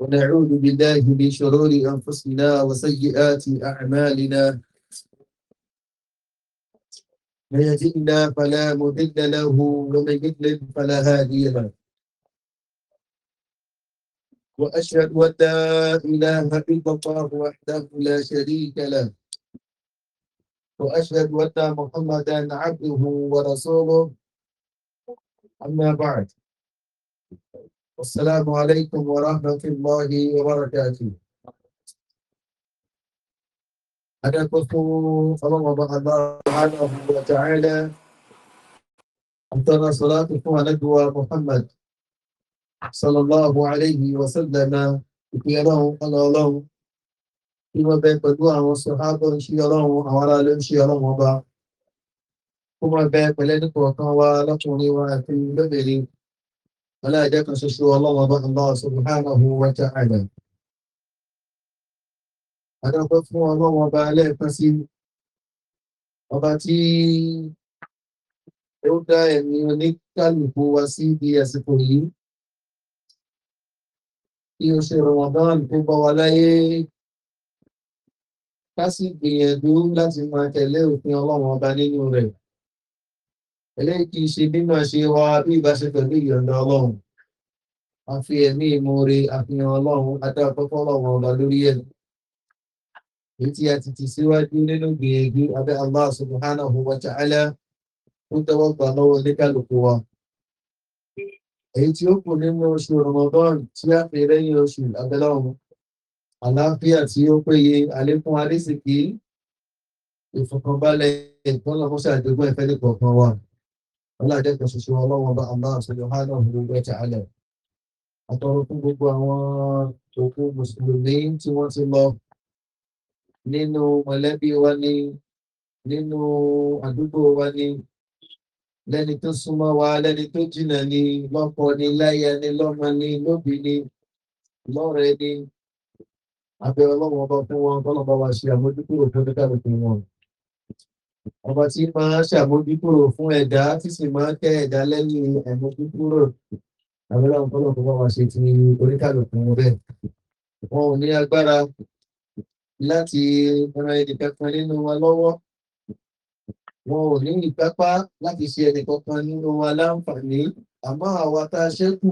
ونعوذ بالله من شرور أنفسنا وسيئات أعمالنا من يهدنا فلا مضل له ومن يضلل فلا هادي له وأشهد أن لا إله إلا الله وحده لا شريك له وأشهد أن محمدا عبده ورسوله أما بعد والسلام عليكم ورحمة الله وبركاته أدعوكم الله سبحانه وتعالى أنتنا صلاتكم ندوى محمد صلى الله عليه وسلم ìpìyànlọ́run ọlọ́ọ̀lọ́run tí wọ́n bẹ pẹ̀lú àwọn sọ̀hábọ̀ ń ṣe ọlọ́run àwọn ará ló ń ṣe ọlọ́run ọba ó máa bẹ pẹ̀lẹ́ nípa ọ̀kan wa lọ́kùnrin wa àti lóbìnrin aláìjẹ́kan ṣoṣo ọlọ́wọ́ bá ń lọ subhanahu wa ta'ala adápẹ́ fún ọlọ́wọ́ bá lẹ́ẹ̀kan sí ọba tí ó dá ẹ̀mí oníkálùkù wa sí ibi àsìkò yìí kí o ṣe rọmọdán tó bá wa láyé ká sì gbìyànjú láti máa tẹ̀lé òfin ọlọ́wọ́ ọba nínú rẹ̀ eléyìí kì í ṣe mímọ̀ ṣe wa bí ìbáṣe pẹ̀lú ìyọ̀nà ọlọ́run a fi ẹ̀mí ìmoore àfihàn ọlọ́run adáàpọ́pọ́ ọlọ́run ọba lórí ẹ̀ èyí tí a ti ti síwájú nínú gbìyànjú abẹ́ allah subhanahu wa ta'ala ó tẹ́wọ́ gbà lọ́wọ́ oníkálukú wa èyí tí ó kù nínú oṣù ramadan tí a fi lẹ́yìn oṣù abẹ́lọ́run àlàáfíà tí ó péye àlékún alésìkí ìfọkànbalẹ̀ ìpọ́nlọ́mọṣẹ́ àdégbò ìfẹ́ nìkọ̀ọ̀kan wa ọlájẹ́kẹ́ ṣoṣo ọlọ́wọ́n bá aláà sí yohana gbogbo ẹ̀tẹ̀ alẹ̀ àtọrọ fún gbogbo àwọn òkú mùsùlùmí tí wọ́n ti lọ nínú mọ̀lẹ́bí wa ni nínú àdúgbò wa ni lẹ́ni tó súnmọ́ wa lẹ́ni tó jìnà ni lọ́kọ ni láyà ni lọ́mọ ni lóbì ni lọ́rẹ̀ẹ́ ni abẹ́ ọlọ́wọ́n bá fún wọn bọ́lọ́ bá wa ṣe àmójúkúrò fún kálukú wọn ọba tí máa ṣàmójúkúrò fún ẹ̀dá tí sì máa tẹ́ ẹ̀dá lẹ́yìn àìmójúkúrò àwọn ọlọ́run kọ́lọ̀ tó bá wa ṣe ti oníkàlùkù bẹ́ẹ̀. wọn ò ní agbára láti ran ẹnìkankan nínú wa lọ́wọ́ wọn ò ní ìpápá láti ṣe ẹnìkankan nínú wa láǹfààní àmọ́ àwa tá a ṣẹ́kù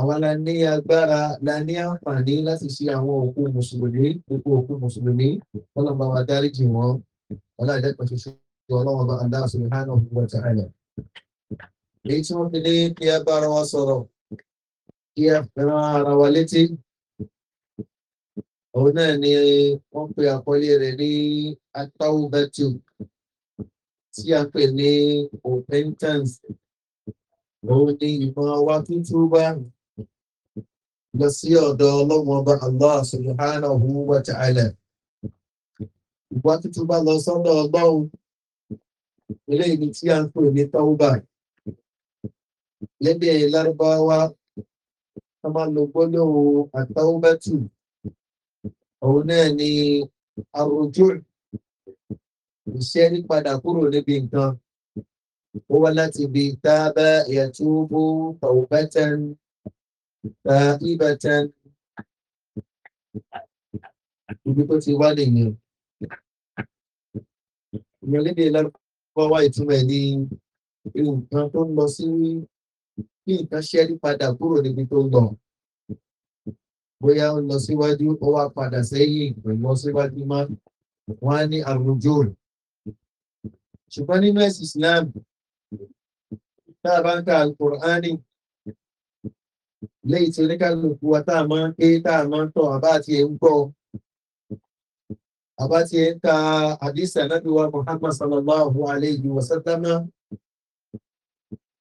àwa la ní agbára la ní àǹfààní láti ṣe àwọn òkú mùsùlùmí òkú mùsùlùmí kọ́lọ̀ bá wa dáríjì wọn ọláìlẹ́pẹ̀ ṣoṣo ọlọ́wọ́n bá aláà sọ ìhánà òwúwẹ̀ tí a yàn. èyí tí wọ́n fi ní kí ẹ bára wọn sọ̀rọ̀ kí ẹ fẹ́ràn ara wa létí òun náà ni wọ́n pe àkọlé rẹ̀ ní atáwùbẹ́tù tí a pè ní repentance òun ni ìmọ̀ oh, oh, wa tútù bá lọ sí ọ̀dọ̀ ọlọ́wọ́n bá aláà sọ ìhánà òwúwẹ̀ tí a yàn ìwọ́n tó tún bá lọ sọ́dọ̀ ọlọ́run ilé ibi tí a ń pè ní tọ́wọ́bà lédè lárúbáwá a máa lo gbólóhùn àtọ́wọ́bẹ́tù òun náà ni àròjù ìṣẹ́rí padà kúrò níbi nǹkan ó wá láti ibi tábà ìyàtúbù tọ̀wọ́bẹ́tẹ̀n tá ibẹ̀tẹ̀n ibi tó ti wá nìyẹn ìmọ̀ lédè lárúbáwá ìtumọ̀ ẹ̀ ní ewu kan tó ń lọ sí bí nǹkan ṣẹ́rí padà kúrò níbi tó ń lọ bóyá ó lọ síwájú ó wá padà sẹ́yìn ìgbìmọ̀ síwájú má wọ́n ní àrùjọ ṣùgbọ́n nínú ẹ̀sìn islam tá a bá ń ka alukur'ani léyìí tí oníkàlùkù wa tá a máa ń ké tá a máa ń tọ̀ àbá àti ẹ̀ ń gbọ́ àbá ti ń ka àdísà náàbí wa muhammad sallallahu alayhi wa sallama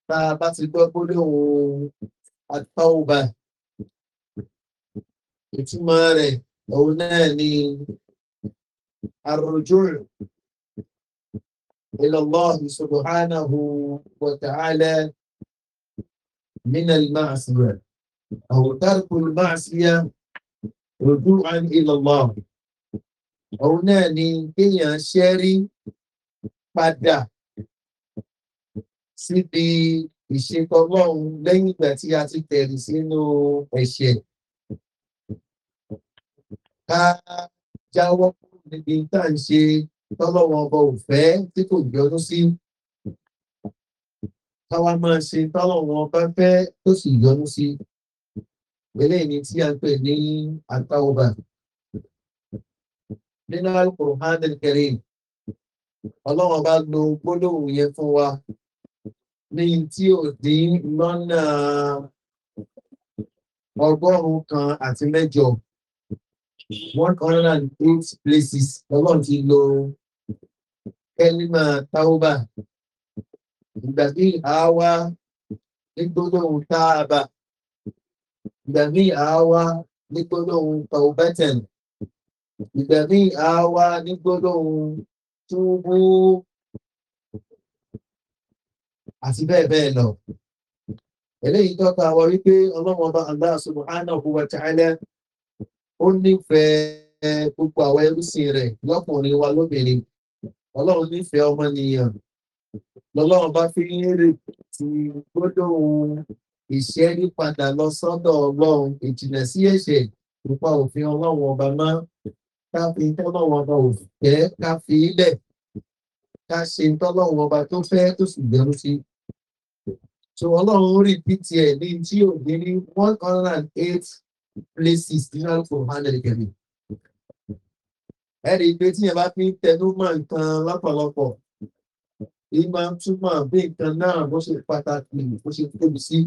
tá a bá ti gbọ́ gbólóhùn àtàwùbà ìtumọ̀ rẹ̀ òun náà ni àròjù ìlọ́lọ́hì subhanahu wa ta'ala min al-ma'asiya aw tarku al-ma'asiya ruju'an ila òun náà ni kéèyàn ṣẹ́rí padà síbi ìṣekọlọ́run lẹ́yìn ìgbà tí a ti tẹ̀rì sínú ẹ̀ṣẹ̀ ká jáwọ́ níbi tá à ń ṣe tọ́lọ́wọ́ ọba òfẹ́ tí kò yọdún sí káwa máa ṣe tọ́lọ́wọ́ ọba fẹ́ tó sì yọdún sí eléyìí ni tí a ń pè ní àtàwọ̀bà nínú alukurhan kẹrin ọlọ́run bá lo gbólóhùn yẹn fún wa ní tí ò dín lọ́nà ọgọ́rùn-ún kan àti mẹ́jọ one hundred and eight places ọlọ́run ti lo kẹ́límà táwọ́bà ìgbà bí àáwá ní gbólóhùn táàbà ìgbà bí àáwá ní gbólóhùn tàwọ́bẹ̀tẹ̀lì ìgbẹ̀mí àwa nígbólóhun túbú àti bẹ́ẹ̀ bẹ́ẹ̀ lọ. Eléyìí tọ́ka wọ wípé ọlọ́run ọba Allah subhanahu wa ta'ala ó nífẹ̀ẹ́ gbogbo àwọn ẹrúsìn rẹ̀ lọ́kùnrin wa lóbìnrin. Ọlọ́run nífẹ̀ẹ́ ọmọnìyàn. Lọ́lọ́run bá fi ń rè ti gbólóhun ìṣẹ́rí padà lọ sọ́dọ̀ ọlọ́run ìjìnlẹ̀ sí ẹ̀ṣẹ̀ nípa òfin ọlọ́run ọba máa ká fi tọ́lọ́wọ́ ọba òfìfẹ́ ká fi ilẹ̀ ká ṣe tọ́lọ́wọ́ ọba tó fẹ́ tó sì gbẹ̀rú sí. so ọlọ́run rí pta ní tí ò dé ní one hundred and eight places nínú àlùfò hundred kẹ̀mí. ẹ̀rí pé tí yẹn bá fi ń tẹnu mọ́ nǹkan lọ́pọ̀lọpọ̀ ìmọ̀ túmọ̀ bí nǹkan náà bó ṣe pàtàkì bó ṣe tóbi sí.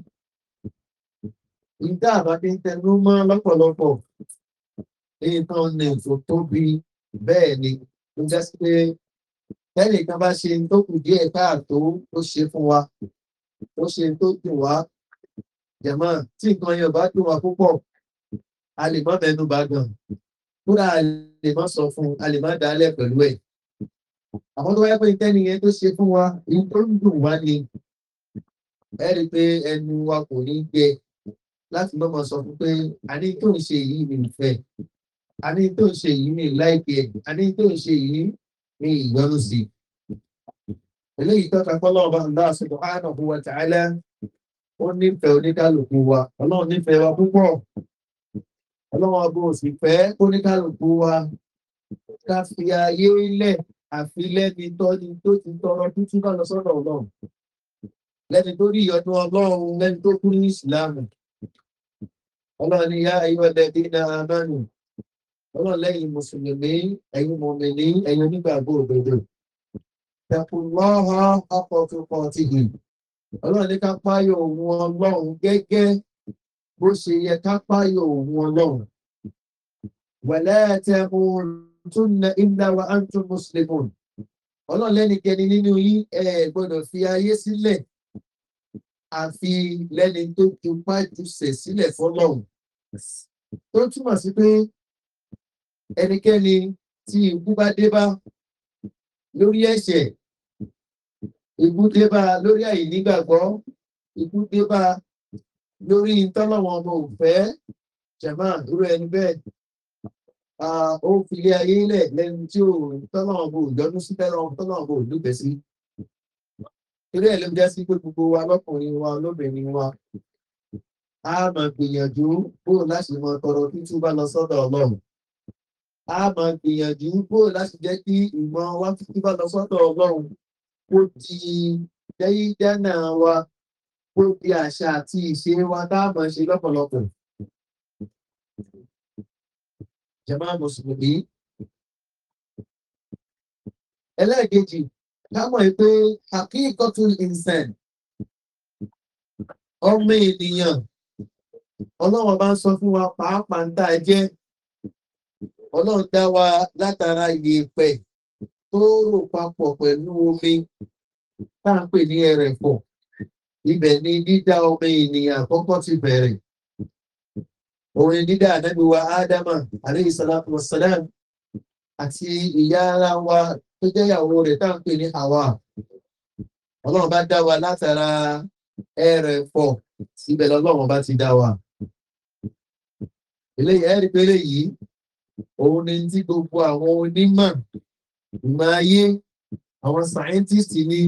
ìdá àbá fi ń tẹnu mọ́ lọ́pọ̀lọpọ̀ nǹkan ní ètò tóbi bẹ́ẹ̀ ni ó jẹ́ sí pé tẹ́lẹ̀ kan bá ṣe tó kù díẹ̀ káàtó ó ṣe fún wa ó ṣe tó dùn wá jẹ̀mọ́ tí nǹkan yẹn bá dùn wá púpọ̀ a lè mọ́ mẹ́nu bá gan kúrò a lè mọ́ sọ fún a lè mọ́ dálẹ̀ pẹ̀lú ẹ̀ àwọn tó wáyé pé tẹ́ni yẹn tó ṣe fún wa ní tó ń dùn wá ni ẹ rí i pé ẹnu wa kò ní gbẹ láti mọ́mọ́ sọ fún pé a ní tó ń ṣe yìí nìfẹ́ a ní tó ń ṣe yìí ní láìpẹ ẹgbẹ a ní tó ń ṣe yìí ní ìgbọnù sí eléyìí tọ́ka pọ́lọ́ọ̀bá ńlá ṣètò àánà fún wa tààlẹ́ ó nífẹ̀ẹ́ oníkálukú wa ọlọ́run nífẹ̀ẹ́ wa púpọ̀ ọlọ́run ọgbọ́n òsì fẹ́ oníkálukú wa ká fi ayé lẹ̀ àfi lẹ́ni tọ́ni tó ti tọrọ tútù náà lọ sọ́dọ̀ ọlọ́run lẹ́ni tó rí ìyọnu ọlọ́run lẹ́ni tó kú ní ìsìlámù ọlọ́run ni yá ayé ọlẹ́dínlá mẹ́rin ọlọ́run lẹ́yìn mùsùlùmí ẹ̀yin mùmìnì ẹ̀yin onígbàgbọ́ òdodo tẹkùnlọ́hà ọkọ̀ọ̀kọ̀ ti hì ọlọ́run ní ká páyọ̀ òun ọlọ́run gẹ́gẹ́ bó ṣe yẹ ká páyọ̀ òun ọlọ́run wẹ̀lẹ́ tẹ ohun tún na ilẹ̀ wa antu mùsùlùmí ọlọ́run lẹ́nikẹ́ni nínú yín ẹ̀ gbọ́dọ̀ fi ayé sílẹ̀ àfi lẹ́ni tó ju pájú sẹ̀ sílẹ̀ fọlọ́run tó túmọ̀ sí pé ẹnikẹ́ni tí ikú bá dé bá lórí ẹ̀ṣẹ̀ ikú dé bá lórí àìnígbàgbọ́ ikú dé bá lórí tọ́lọ́wọ́n ọmọ òfẹ́ jẹ̀mọ́ irú ẹni bẹ́ẹ̀ ó fi ilé ayé lẹ̀ lẹ́nu tí ó tọ́lọ́wọ́n bò yọdún sí tẹ́lọ́wọ́n tọ́lọ́wọ́n bò lùgbẹ́ sí. torí ẹ̀ ló jẹ́ sí pé gbogbo wa lọ́kùnrin wa lóbìnrin wa a máa gbìyànjú bó láti mọ tọrọ títú bá lọ sọ́dọ̀ ọlọ́run a máa gbìyànjú bó láti jẹ́ kí ìmọ̀ wa fífi bá lọ sọ́dọ̀ ọlọ́run kó di dẹ́yídẹ́nà wa kó di àṣà àti ìṣe wa tá a máa ṣe lọ́pọ̀lọpọ̀. Jẹ̀má Mùsùlùmí. Ẹlẹ́ẹ̀kejì, ká mọ̀ pé àkíkọ́tù ìsẹ̀n ọmọ ènìyàn ọlọ́wọ́n bá ń sọ fún wa pàápàá ń dá ẹ jẹ́ ọlọ́run dá wa látara yèèpẹ̀ tó rò papọ̀ pẹ̀lú omi tá à ń pè ní ẹrẹ̀fọ̀ ibẹ̀ ni dídá ọmọ ènìyàn àkọ́kọ́ ti bẹ̀rẹ̀ orin dídá àdágbéwa ádámà àríyí sàlámù sàlám àti ìyá ara wa tó jẹ́ ìyàwó rẹ̀ tá à ń pè ní àwa ọlọ́run bá dá wa látara ẹrẹ̀fọ̀ síbẹ̀ lọ́lọ́run bá ti dá wa eléyìí ẹ̀rí pé eléyìí òun ni tí gbogbo àwọn onímọ̀ ìmọ̀ ayé àwọn scientist ni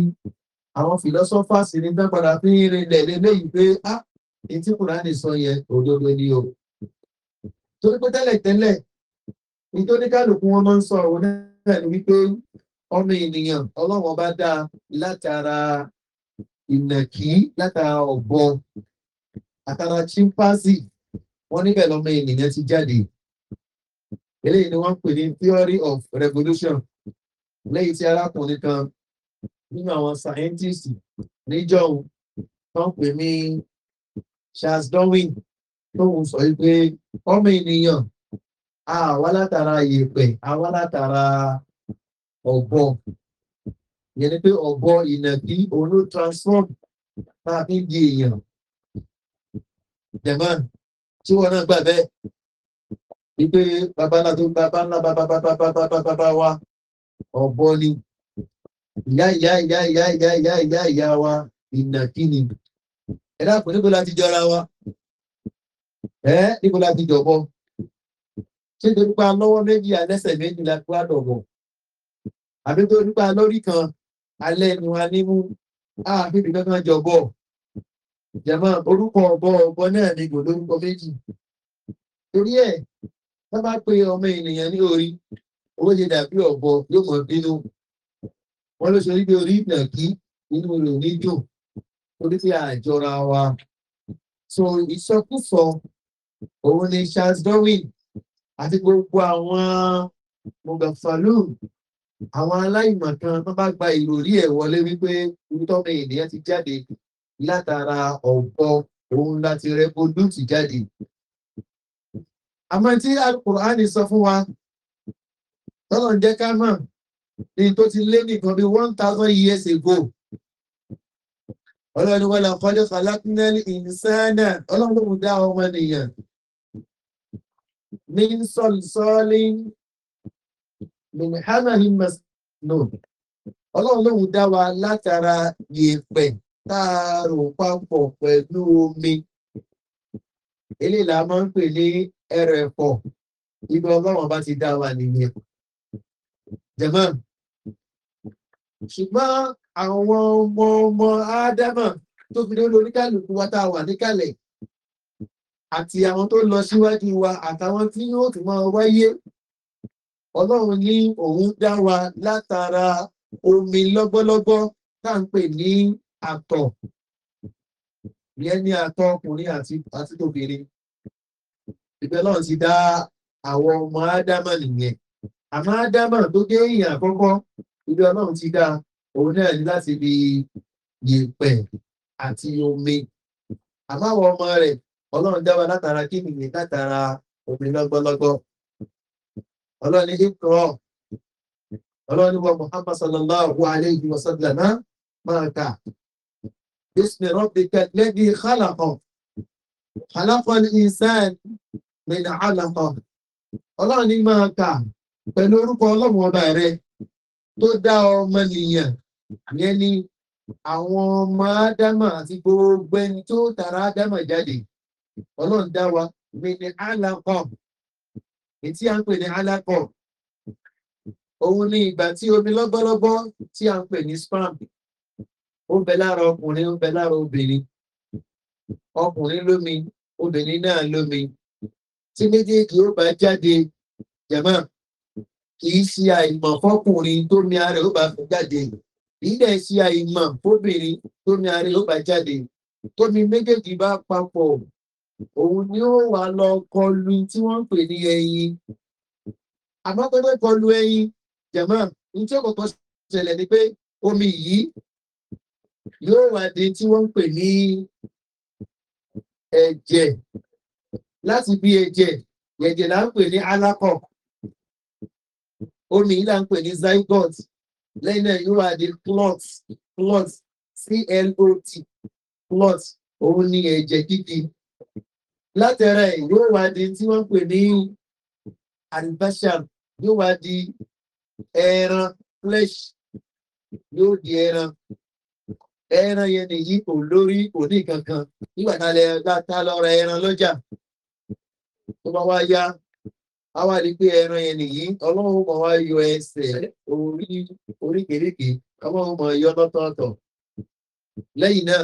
àwọn philosophers ni bẹ́ẹ̀ padà fi ń rinlẹ̀ lélẹ́yìí pé á etí kùránì sọ yẹn òdodo ni o torí pé tẹ́lẹ̀ tẹ́lẹ̀ nítorí kálukú wọn máa ń sọ ọ̀rọ̀ náà ni wípé ọmọ ènìyàn ọlọ́wọ́n bá dá látara ìnàkí látara ọ̀bọ àtàrà chimpanzee wọn níbẹ̀ lọmọ ènìyàn ti jáde eléyìí ni wọ́n ń pè ní theory of revolution lẹ́yìn tí arákùnrin kan nínú àwọn scientist níjọ́hun tó ń pè ní charles darwin tóun sọ wípé ọmọ ènìyàn àwa látara yèèpẹ̀ àwa látara ọ̀bọ ìyẹn ni pé ọ̀bọ ìnàkí òun ló transform tá a fi ń di èèyàn jẹ̀mọ́n tí wọ́n náà gbà bẹ́ẹ̀ wípé babalá tó bàbá ńlá bàbá bàbá bàbá bàbá wa ọ̀bọ ni ìyá ìyá ìyá ìyá ìyá ìyá ìyá ìyá wa ìnàkíni ẹ̀dá kò níbo láti jọra wa ẹ̀ níbo láti jọ̀bọ ṣé tó nípa lọ́wọ́ méjì alẹ́sẹ̀ méjì la gbá dọ̀bọ̀ àbí tó nípa lórí kan alẹ́ nu anímú ààfin nìkan kan jọ̀bọ jẹ̀mọ́ orúkọ ọ̀bọ ọ̀bọ náà ni kò lórúkọ méjì torí ẹ̀ tó bá pé ọmọ ènìyàn ní orí owó ṣe dàbí ọ̀bọ yóò mọ̀ bínú wọ́n ló ṣe rí pé orí ìnà kí inú rẹ̀ ní dùn torí pé àjọra wa so ìsọkúsọ òun ni charles darwin àti gbogbo àwọn mọ̀gàfàlùn àwọn aláìmọ̀kan tó bá gba ìròrí ẹ̀ wọlé wípé ìtọ́mọ ènìyàn ti jáde látara ọ̀bọ òun láti rẹ́bọ̀lù ti jáde àmọ́ tí alukur'ani sọ fún wa tọ́lọ̀ jẹ́ ká mọ̀ ní tó ti lé nìkan bí one thousand years ago ọlọ́ni wọ́n lọ kọ́lé kọ́lákínẹ́lì ìnsánà ọlọ́run dá ọmọ nìyàn ní sọ̀lì mìhánàhìn mẹ́sàn-án ọlọ́run lóhun dá wa látara yèèpẹ̀ táàrò papọ̀ pẹ̀lú omi eléyìí la máa ń pè ní ẹrọ ẹ̀pọ̀ ibi ọlọ́run bá ti dá wa nìyẹn jẹ̀mọ́ ṣùgbọ́n àwọn ọmọ ọmọ ádámà tó fi lórí oníkàlùkù wa tá a wà níkàlẹ̀ àti àwọn tó lọ síwájú wa àtàwọn tí yóò tún máa wáyé ọlọ́run ní òun dá wa látara omi lọ́gbọ́lọ́gbọ́ tá à ń pè ní àtọ̀ ìyẹn ní àtọ̀ ọkùnrin àti tóbìnrin ìbẹ̀ lọ́n ti dá àwọn ọmọ ádámà nìyẹn àmọ́ ádámà tó dé èèyàn àkọ́kọ́ ìbẹ̀ ọlọ́run ti dá òun náà ní láti fi yèpẹ̀ àti omi àmọ́ àwọn ọmọ rẹ̀ ọlọ́run dá wa látara kí nìyẹn látara omi lọ́gbọ́lọ́gbọ́ ọlọ́run ní kíkọ́ ọlọ́run ní wa muhammad sallallahu alayhi wa sallam máa kà bísí rọ́bì kẹ́lẹ́bí kálàkọ̀ kálàkọ̀ ní ìsáàn mẹ́ta alákọ̀. Ọlọ́run ní máa kà pẹ̀lú orúkọ ọlọ́run ọba rẹ̀ tó dá ọmọ nìyàn yẹn ni àwọn ọmọ ádámà àti gbogbo ẹni tó tara ádámà jáde. Ọlọ́run dá wa mẹ́ta alákọ̀. Ètí à ń pè ní alákọ̀. Òun ni ìgbà tí omi lọ́gbọ́lọ́gbọ́ tí à ń pè ní spam. Ó ń bẹ lára ọkùnrin, ó ń bẹ lára obìnrin. Ọkùnrin lómi, obìnrin náà lómi tí méjèèjì ó bá jáde jẹ̀mọ́ kìí ṣe àìmọ̀ fọkùnrin tó mi ara ó bá fi jáde ìdẹ̀ ṣe àìmọ̀ fóbìnrin tó mi ara ó bá jáde tómi méjèèjì bá papọ̀ òun ni ó wà lọ kọlu tí wọ́n ń pè ní ẹyin àmọ́ pẹ́pẹ́ kọlu ẹyin jẹ̀mọ́ ní tí ó kọ̀kọ́ ṣẹlẹ̀ ni pé omi yìí yóò wà di tí wọ́n ń pè ní ẹ̀jẹ̀ láti bí ẹ̀jẹ̀ ẹ̀jẹ̀ là ń pè ní alacoc omi là ń pè ní zygote lẹ́yìn náà yóò wá di clot clot clot clot òun ni ẹ̀jẹ̀ kíkì látara ẹ̀ yóò wá di tí wọ́n pè ní albasham yóò wá di ẹran flesh yóò di ẹran ẹran yẹn nìyí kò lórí kò ní kankan nígbà tá a lọ ra ẹran lọ́jà tó bá wá yá a wá rí pé ẹran yẹn nìyí ọlọ́run mọ̀ wá yọ ẹsẹ̀ orí oríkèéríkèé ọlọ́run mọ̀ yọ lọ́tọ̀ọ̀tọ̀ lẹ́yìn náà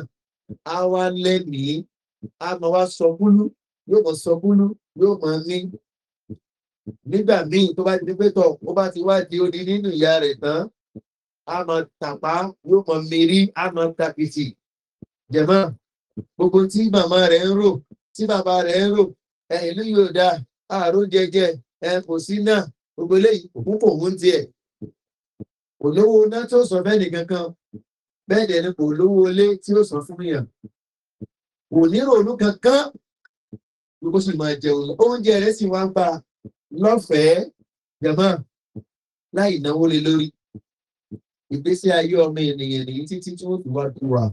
a wá lẹ́nìí a mọ̀ wá sọ búlú yóò mọ̀ sọ búlú yóò mọ̀ ní nígbà míì tó bá ti pé tọ̀ ó bá ti wá di odi nínú ìyá rẹ̀ tán a mọ̀ tàpá yóò mọ̀ mérí a mọ̀ tàkìtì jẹ̀mọ́ gbogbo tí màmá rẹ̀ ń rò tí bàbá rẹ̀ ń rò ìlú yóò da ààrùn jẹjẹ kò sí náà gbogbo eléyìí òkun kò hún tiẹ̀ kò lówó ná tó sọ bẹ́ẹ̀ni kankan bẹ́ẹ̀ dẹ̀ ni kò lówó ilé tí ó sọ fún yàn kò níròònú kankan gbogbo sì máa jẹun oúnjẹ rẹ̀ sì wá ń bá lọ́fẹ̀ẹ́ jẹ̀mọ́ láì náwó lé lórí ìgbésí ayé ọmọ ènìyàn nìyí títí tí wọ́n fi wá dùn wá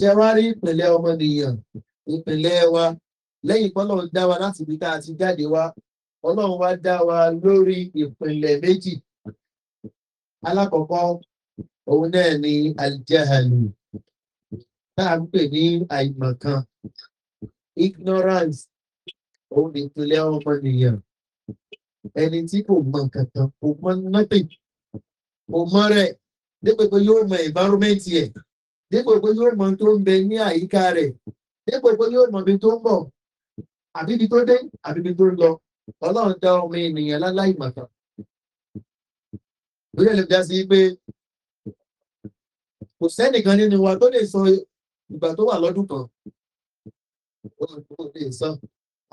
ṣe wá rí ìpínlẹ̀ ọmọnìyàn ìpínlẹ̀ wa lẹ́yìn pọ́lọ́ dá wa láti ibi tá a ti jáde wá ọlọ́run wá dá wa lórí ìpìlẹ̀ méjì alákọ̀ọ́kọ́ òun náà ni aljahani tá a ń pè ní àìmọ̀kan ignorance òun ni ìpìlẹ̀ ọmọnìyàn ẹni tí kò mọ kankan kò mọ nothing kò mọ rẹ dípò pé yóò mọ environment yẹ dípò pé yóò mọ tó ń bẹ ní àyíká rẹ dípò pé yóò mọ ibi tó ń bọ̀ àbíbi tó dé àbíbi tó lọ ọlọ́run dá ọmọ ènìyàn láláì mọ̀tàn lórí ẹ̀ lè dá sí pé kò sẹ́nìkan nínú wa tó lè sọ ìgbà tó wà lọ́dún kan ó lè sọ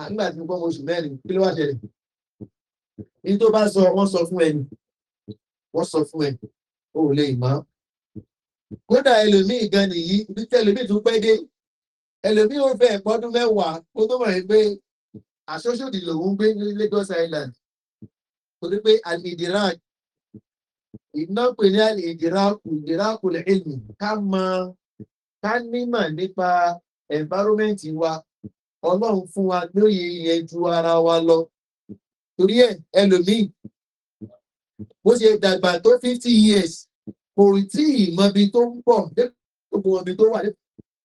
nígbà tí mo gbọ́ oṣù mẹ́rin kí ló wá ṣẹlẹ̀ ní tó bá sọ wọ́n sọ fún ẹni wọ́n sọ fún ẹni ó lè mọ́ kódà ẹlòmíì gan nìyí bí tẹ́lòmíì tún pẹ́ dé ẹlòmí ò bẹ̀ gbọ́dún mẹ́wàá kó tó mọ̀ pé àṣọ́ṣòdì lòun gbé ní lagos island torí pé alidirak iná pè ní alidiraku idiraku lẹ́yìn ká mọ ká nímọ̀ nípa environment wa ọlọ́run fún wa lóye ìyẹn ju ara wa lọ torí ẹ ẹlòmí bó ṣe dàgbà tó fifty years kò tí ì mọbi tó ń bọ̀ dé gbogbo mọbi tó wà dé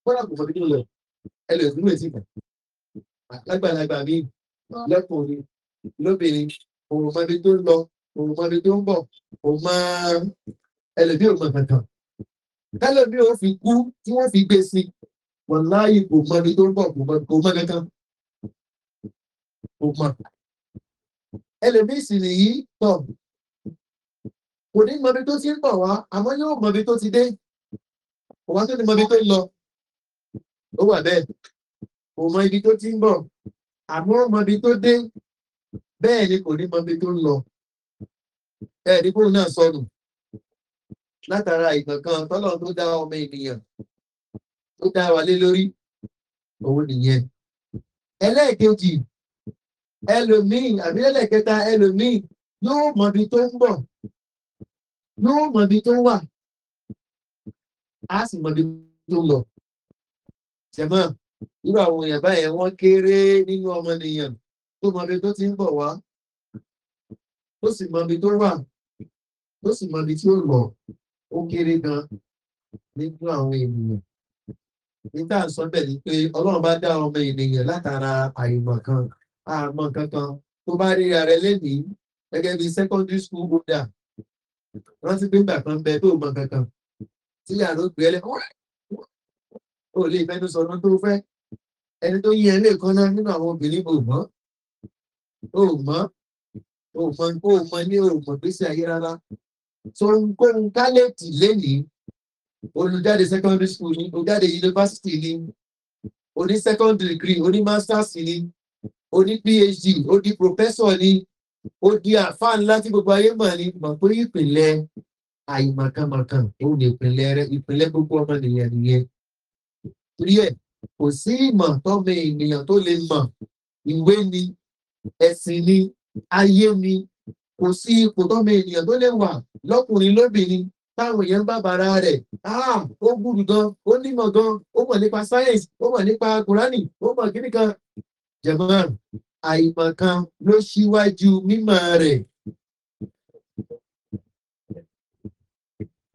gbọ́dọ̀ kò mọbi tó lọ ẹlò ìdúró èsì ìgbà lágbàlagbà mi lẹ́kùnrin lóbìnrin òun mọ ibi tó ń lọ òun mọ ibi tó ń bọ̀ òun mọ ẹlòmíì òun mọ kankan tẹlẹmí ò fi kú tí wọ́n fi gbé sí wọn láàyè kò mọ ibi tó ń bọ̀ kò mọ kankan kò mọ ẹlòmíì sì nìyí tọ kò ní mọ ibi tó ti ń bọ̀ wá àmọ́ yóò mọ ibi tó ti dé kò wá tó ní mọ ibi tó ń lọ ó wà bẹ́ẹ̀ kò mọ ibi tó ti ń bọ̀ àmọ́ ọmọbi tó dé bẹ́ẹ̀ ni kò ní mọbi tó ń lọ ẹ̀ẹ́dì kúrò náà sọnù látara ìkankan tọ́lọ̀ tó dá ọmọ ènìyàn tó dá wa lé lórí òun nìyẹn ẹlẹ́ẹ̀kejì ẹlòmíì àbí ẹlẹ́ẹ̀kẹta ẹlòmíì yóò mọbi tó ń bọ̀ yóò mọbi tó wà á sì mọbi tó ń lọ jẹmọ́ irú àwọn èèyàn báyẹn wọ́n kéré nínú ọmọnìyàn tó mọbi tó ti ń bọ̀ wá tó sì mọbi tó wà tó sì mọbi tí ó lọ ó kéré gan nínú àwọn ènìyàn nígbà sọ bẹ́ẹ̀ ni pé ọlọ́run bá dá ọmọ ènìyàn látara àìmọ̀ kan àmọ̀ kankan tó bá rí ara lẹ́nìí gẹ́gẹ́ bí secondary school holder rántí pé gbà kan bẹ tó mọ kankan tí yàrá ó gbé ẹlẹ́kọ̀ọ́ e ó lè fẹ́nu sọ̀rọ̀ tó fẹ́ ẹni tó yí ẹlé kan náà nínú àwọn obìnrin ò mọ́ ò mọ́ ò mọ kó o mọ ní òògùn gbèsè ayé rárá tó ń kó ń dálẹ́tì lénìí olùjáde secondary school ni olùjáde yunifásitì ni oní secondary degree oní masters ni oní phd oní professor ni ó di àfa ńlá tí gbogbo ayé mọ̀ ni mọ̀ pé ìpìlẹ̀ àìmọ̀kànmọ̀kàn òun ìpìlẹ̀ rẹ ìpìlẹ̀ gbogbo ọmọ nìyẹn nìyẹn torí ẹ̀ kò sí ìmọ̀ tọ́mọ ènìyàn tó lè mọ̀ ìwé ni ẹ̀sìn ni ayé ni kò sí ipò tọ́mọ ènìyàn tó lè wà lọ́kùnrin lóbìnrin táwọn èèyàn bá bàrà rẹ̀ áà ó gbúdù gan ó nímọ̀ gan ó mọ̀ nípa science ó mọ̀ nípa kùránì ó mọ̀ kíní kan jẹ̀mọ́ àìmọ̀ kan ló ṣíwájú mímọ̀ rẹ̀.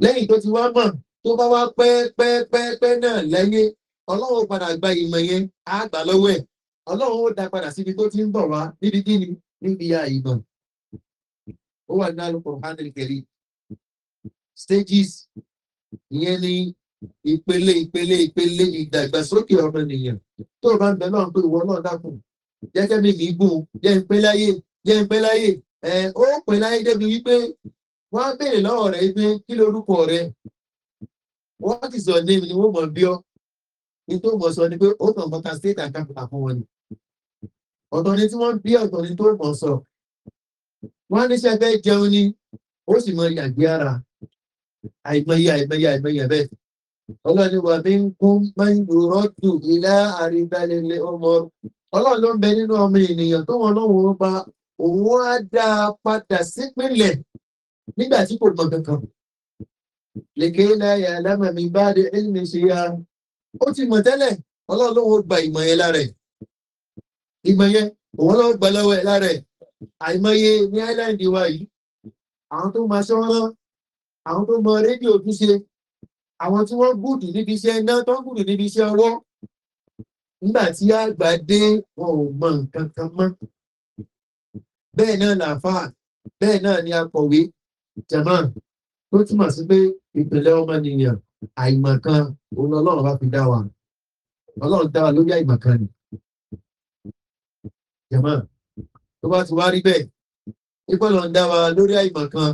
lẹ́yìn tó ti wá mọ̀ tó bá wá pẹ́ pẹ́ pẹ́ pẹ́ náà lẹ́yìn ọlọ́run padà gba ìmọ̀ yẹn á gbà lọ́wọ́ ẹ̀ ọlọ́run ó da padà síbi tó ti ń bọ̀ wá níbi kí ni níbi ya ìmọ̀ ó wà ní alùpùpù handel kẹrì stages ìyẹn ni ìpele ìpele ìpele ìdàgbàsókè ọmọ nìyẹn tó o bá ń bẹ náà pé ìwọ náà dákùn jẹ́kẹ́ mi mi gùn jẹ́ ń pé láyé jẹ́ ń pé láyé ẹ̀ ó pè láyé débi wípé wọ́n á béèrè lọ́wọ́ rẹ̀ wípé kí lorúkọ rẹ̀ wọ́n ti sọ ní mi ni wọ́n mọ̀ bí ọ́ ní tó mọ̀ sọ ni pé ó kàn bọ́ta state and capital fún wọn ni ọ̀tọ̀ ni tí wọ́n bí ọ̀tọ̀ ni tó mọ̀ sọ wọ́n níṣẹ́ fẹ́ jẹun ni ó sì mọ ìyàgbé ara àìmọye àìmọye àìmọye bẹ́ẹ̀ ọlọ́ni wà mí ń kún máa ń lòrọ́ jù ilá àrídálẹ́lẹ́ ọmọ ọlọ́run ló ń bẹ nínú ọmọ ènìyàn tó wọn lọ́wọ́ bá òun á dá a padà sípínlẹ̀ nígbà tí kò mọ kankan lèkè láyà lámàmì bá dé ẹni ṣe ya ó ti mọ̀ tẹ́lẹ̀ ọlọ́run ló gba ìmọ̀ yẹn lára ẹ̀ ìmọ̀ yẹn òun ló gba lọ́wọ́ ẹ̀ lára ẹ̀ àìmọye ní áìláńdì wa yìí àwọn tó máa ṣọ́rán àwọn tó mọ rédíò tún ṣe àwọn tí wọ́n gùdù níbi iṣẹ́ iná tó ń gùdù níbi iṣẹ́ ọwọ́ nígbà tí àgbà dé wọn ò mọ nǹkan kan mọ́ bẹ́ẹ̀ náà làáfàá bẹ́ẹ̀ náà ni akọ̀wé jẹ̀mọ́ tó túmọ̀ sí pé ìpìlẹ̀ ọmọnìyàn àìmọ̀kan òun ọlọ́run bá fi dá wa ọlọ́run dá wa lórí àìmọ̀kan ni jẹ̀mọ́ tó bá ti wá rí bẹ́ẹ̀ ipò lọ ń dá wa lórí àìmọ̀kan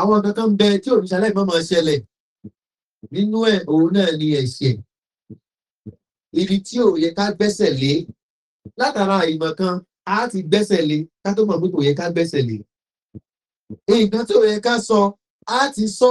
àwọn kankan ń bẹ tí òrìṣà láìpẹ́ máa ṣẹlẹ̀ nínú ẹ̀ òun náà ni ẹ̀ṣẹ̀ ibi tí ò yẹ ká gbẹ́sẹ̀ lé látara àìmọ̀kan a ti gbẹ́sẹ̀ lé ká tó mọ̀ pé kò yẹ ká gbẹ́sẹ̀ lé nǹkan tí ò yẹ ká sọ a ti sọ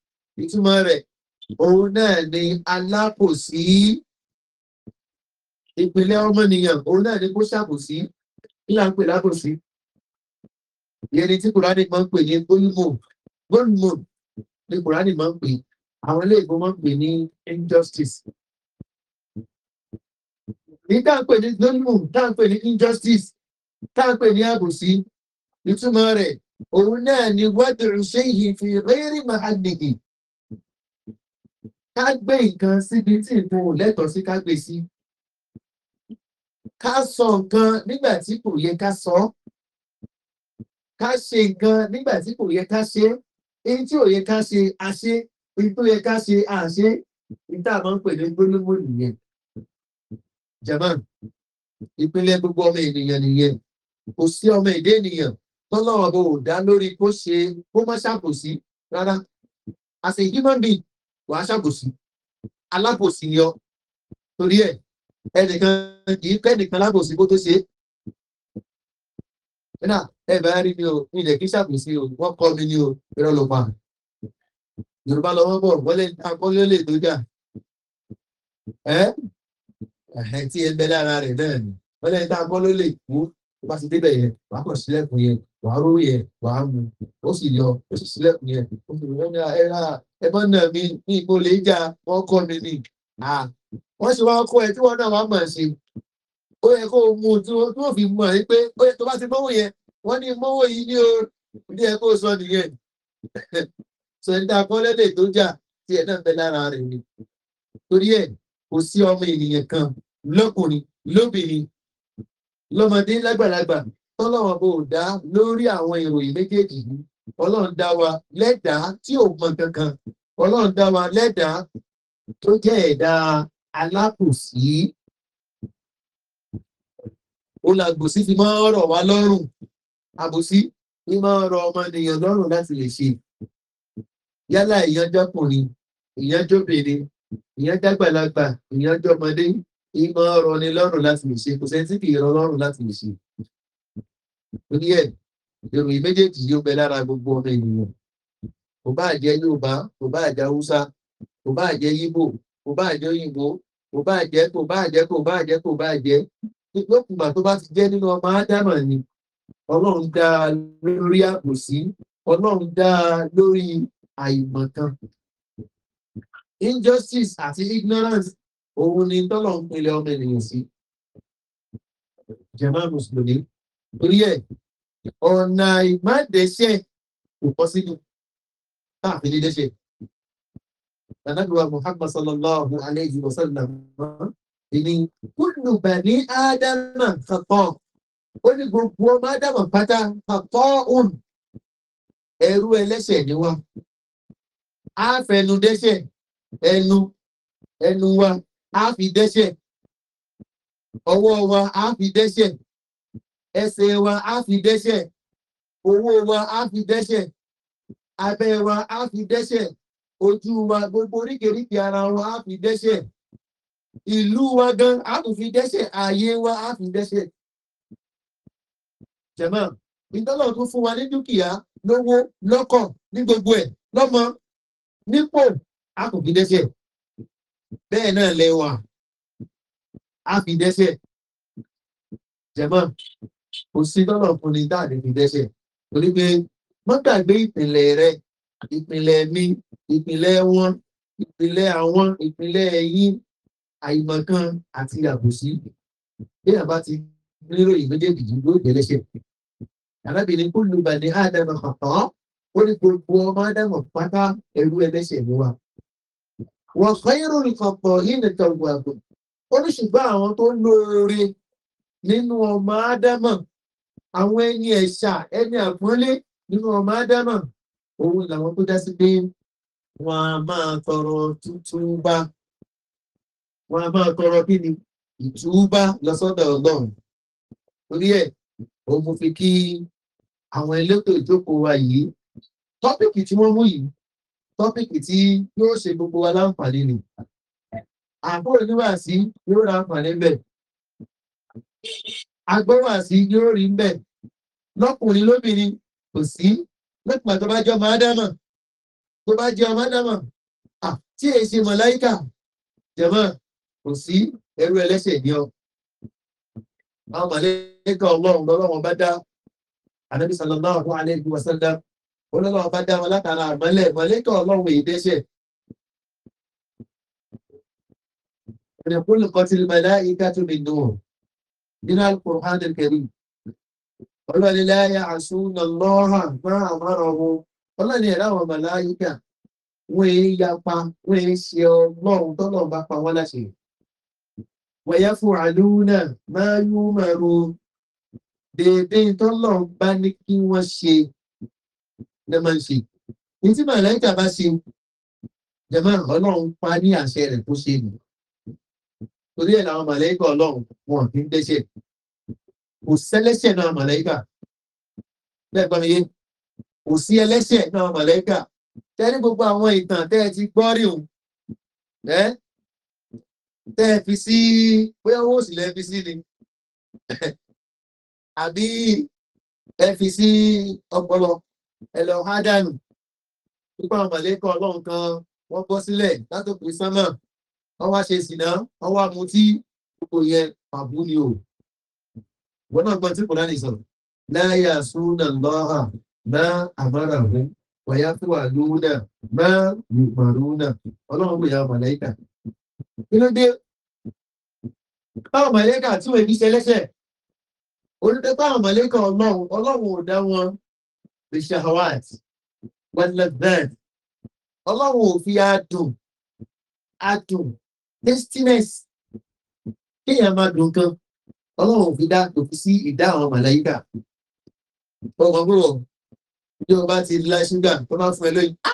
ìtumọ̀ rẹ̀ òun náà ni alákòsí ìpìlẹ̀ ọmọnìyàn òun náà ni kó ṣàkòsí kí là ń pè lákòsí ìyẹni tí kùránì máa ń pè ní gbólmù gbólmù ni kùránì máa ń pè àwọn ilé máa ń pè ní injustice ní táàpè ní gbólmù táàpè ní injustice táàpè ní àbòsí ìtumọ̀ rẹ̀ òun náà ni wádìí ṣe yìí fi rẹ́rìn máa nìyí ká gbé nǹkan síbi tí nǹkan ò lẹ́tọ̀ọ́ sí ká gbé sí ká sọ nǹkan nígbà tí kò yẹ ká sọ ká ṣe nǹkan nígbà tí kò yẹ ká ṣe èyí tí ò yẹ ká ṣe a ṣe èyí tó yẹ ká ṣe a ṣe níta máa ń pè ní gbólógbò nìyẹn german ìpínlẹ̀ gbogbo ọmọ ènìyàn nìyẹn kò sí ọmọ èdè ènìyàn tọ́lọ́wọ́ bò dá lórí kó ṣe kó má ṣàkóso rárá as a human being wà á ṣàbòsí alábòsí yọ torí ẹ ẹnìkan kìí kẹ́nìkan lábòsí bó tó ṣe ẹ̀nà ẹ bá rí mi o ilẹ̀ kí ṣàbòsí o wọ́n kọ́ mi ní o irọ́ ló pa yorùbá lọ́wọ́ bọ̀ wọlé akọ́lé lè tó jà ẹ́ tí ẹ bẹ lára rẹ̀ náà ni wọlé tá a kọ́ ló lè kú bá ti débẹ̀ yẹn wàá kọ̀ sílẹ̀kùn yẹn wàá ró yẹ wàá mu ó sì yọ ó sì sílẹ̀kùn yẹn ó sì wọ́n ní ah, ẹ̀rá ẹ̀bọ́n náà mi ní ìbò lè jà wọ́n kọ́ mi ní à wọ́n sì wá kọ́ ẹ tí wọ́n náà wàá mọ̀ sí ó yẹ kó o mú un tí wọ́n fi mọ̀ ẹ́ pé ó yẹ tó bá ti mọ́wó yẹn wọ́n ní mọ́wó yìí ní o ní ẹ kó o sọ nìyẹn sọ̀rọ̀dá akọ́lẹ́lẹ̀ tó jà tí ẹ̀ náà bẹ lára rẹ̀ ni torí ẹ̀ kò sí ọmọ ènìyàn kan lọ́kùnrin lóbìnrin lọ́mọdé lágbàlagbà tọ́lọ́wọ́ bò dá lórí àwọn ìròyìn méjèèjì yìí ọlọ́run dá wa lẹ́dàá tí ò mọ kankan ọlọ́run dá wa lẹ́dàá tó jẹ́ ẹ̀dá alákùsí olàgbòsí ti máa ń rọ̀ wá lọ́rùn àbòsí ní máa ń rọ ọmọnìyàn lọ́rùn láti lè ṣe yálà ìyanjọ́kùnrin ìyanjọ́bìnrin ìyanjàgbàlagbà ìyanjọ́mọdé ìmọ̀ ọ̀rọ̀ ni lọ́rùn láti lè ṣe kò sẹ́ńtì kì í rọ lọ́rùn láti lè ṣe torí ẹ̀ ìròyìn méjèèjì yóò bẹ lára gbogbo ọmọ ènìyàn kò bá jẹ́ yorùbá kò bá jẹ́ haúsá kò bá jẹ́ yíbò kò bá jẹ́ òyìnbó kò bá jẹ́ kò bá jẹ́ kò bá jẹ́ kò bá jẹ́ lókùnbà tó bá ti jẹ́ nínú ọmọ ádámà ni ọlọ́run dá lórí àpòsí ọlọ́run dá lórí àìmọ̀kan injustice àti ignorance òun ni tọ́lọ̀ ń pinlẹ̀ ọmọ ènìyàn sí jẹ̀má mùsùlùmí lórí ẹ̀ ọ̀nà ìmádẹ́sẹ̀ kò kọ́ sínú káàfin ní dẹ́sẹ̀. Tànàdùwà Muhammad sallallahu alayhi wa sallam ni kúlù bàní Ádámà kàtọ́. Ó ní gbogbo ọmọ Ádámà pátá kàtọ́ òun. Ẹrú ẹlẹ́sẹ̀ ni wá. Á fẹnu dẹ́sẹ̀ ẹnu ẹnu wa á fi dẹ́sẹ̀. Ọwọ́ wa á fi dẹ́sẹ̀ ẹsẹ̀ wa á fi dẹ́ṣẹ̀ owó wa á fi dẹ́ṣẹ̀ abẹ́ wa á fi dẹ́ṣẹ̀ ojú wa gbogbo oríkèríkè ara wa á fi dẹ́ṣẹ̀ ìlú wa gan á tún fi dẹ́ṣẹ̀ ààyè wa á fi dẹ́ṣẹ̀. jẹ̀mọ́ ìdánlọ̀ tó fún wa ní dúkìá lówó lọ́kọ̀ ní gbogbo ẹ̀ lọ́mọ nípò á tún fi dẹ́ṣẹ̀ bẹ́ẹ̀ náà lẹ́wà á fi dẹ́ṣẹ̀ jẹ̀mọ́ kò sí tọ́lọ̀ fún ni dáàdì fi dẹ́sẹ̀ torí pé mọ́gbàgbé ìpìlẹ̀ rẹ ìpìlẹ̀ mi ìpìlẹ̀ wọn ìpìlẹ̀ àwọn ìpìlẹ̀ ẹ̀yìn àìmọ̀kan àti àbòsí bí àbá ti nílò ìméjèèjì yìí ló jẹ́lẹ́sẹ̀ arábìnrin kò lu bàdé ádámà kọ̀ọ̀kan ó ní gbogbo ọmọ ádámà pátá ẹrú ẹlẹ́sẹ̀ ló wà wọ́n kọ́ ìròyìn kọ̀ọ̀kan yìí nìkan gbogbo àgbò ó ní ṣùgbọ́n àwọn tó lóore nínú ọmọ ádámọ̀ àwọn ẹni ẹ̀ṣà ẹni àpọ́nlé nínú ọmọ ádámọ̀ òun làwọn tó dá sí pé wọn a máa tọrọ tútúbá wọn a máa tọrọ kí ni ìtúbá lọ́sọ́dọ̀ ọlọ́run torí ẹ̀ òun mo fi kí àwọn elétò ìjókòó wa yìí tọ́pìkì tí wọ́n mú yìí tọ́pìkì tí yóò ṣe gbogbo wa láǹfààní ni àbúrò níwàásí yóò ra àǹfààní bẹ́ẹ̀ agbọ́rọ̀ àti yóò rí ń bẹ̀ lọ́kùnrin lóbìnrin kò sí lọ́pàá tó bá jẹ́ ọmọ ádámà tó bá jẹ́ ọmọ ádámà tí èyí ṣe mọ̀láíkà jẹ̀mọ́ kò sí ẹrú ẹlẹ́ṣẹ̀ ní ọ. àwọn mọ̀lẹ́kà ọlọ́run lọ́lọ́wọ́n bá dá ànábì sàlọ́lá ọ̀hún alẹ́bí wasálá olólọ́wọ́n bá dá wọn látara àmọ́lẹ̀ mọ̀lẹ́kà ọlọ́run èyí dẹ́ṣẹ̀. ẹ̀rẹ̀kúnlẹ̀ nínú alukọ̀hán kẹrì ọlọ́niláyà àṣúnà lọ́hàn máa àmọ́ràn ọmọ ọlọ́ni ẹ̀rọ àwọn màláyíkà wọ́n èé yapa wọ́n èé ṣe ọlọ́run tọ́lọ̀ bá pa wọ́n láṣẹ wọ̀yẹ́ fún àlúnà máa yú mẹ́rù dèédé tọ́lọ̀ bá ní kí wọ́n ṣe ní ṣe ní tí màláyíkà bá ṣe jẹ̀mọ́ ọlọ́run pa ní àṣẹ rẹ̀ kó ṣe nù torí ẹ̀ làwọn màlẹ́kà ọlọ́run wọn kì í dẹ́ṣẹ̀ kò sẹ́lẹ́ṣẹ̀ náà màlẹ́kà lẹ́gbọ́n yé kò sí ẹlẹ́ṣẹ̀ náà màlẹ́kà tẹ́lẹ̀ gbogbo àwọn ìtàn tẹ́ ẹ ti gbọ́ rí òun ẹ́ tẹ́ ẹ fi sí pé owó sì lẹ́ fi sí ni àbí ẹ fi sí ọpọlọ ẹ lọ hádànù nípa àwọn màlẹ́kà ọlọ́run kan wọ́n bọ́ sílẹ̀ látòkè sánmà wọ́n wá ṣe ìsìnà wọ́n wá mu tí kò yẹ pàbú ni o wọ́n náà gbọ́n tí kò láti sọ̀rọ̀ láyà súnà lọ́hà má àmàrà rẹ̀ wàyà tó wà lónà má yùmàrúnà ọlọ́run gbé yàrá màláìkà kí ló dé báwọn màláìkà tí wọ́n ní ṣẹlẹ́ṣẹ̀ olùdẹ́ báwọn màláìkà ọlọ́run ọlọ́run ò dá wọn lè ṣe hawat wọn lọ bẹ́ẹ̀ ọlọ́run ò fi adùn adùn destiness kéèyàn máa dùn kan ọlọ́run fi dá òfin sí ìdá àwọn màláyíkà ọkàn gbọ́dọ̀ bí wọ́n bá ti la ṣúgà tó máa fún ẹ lóyún á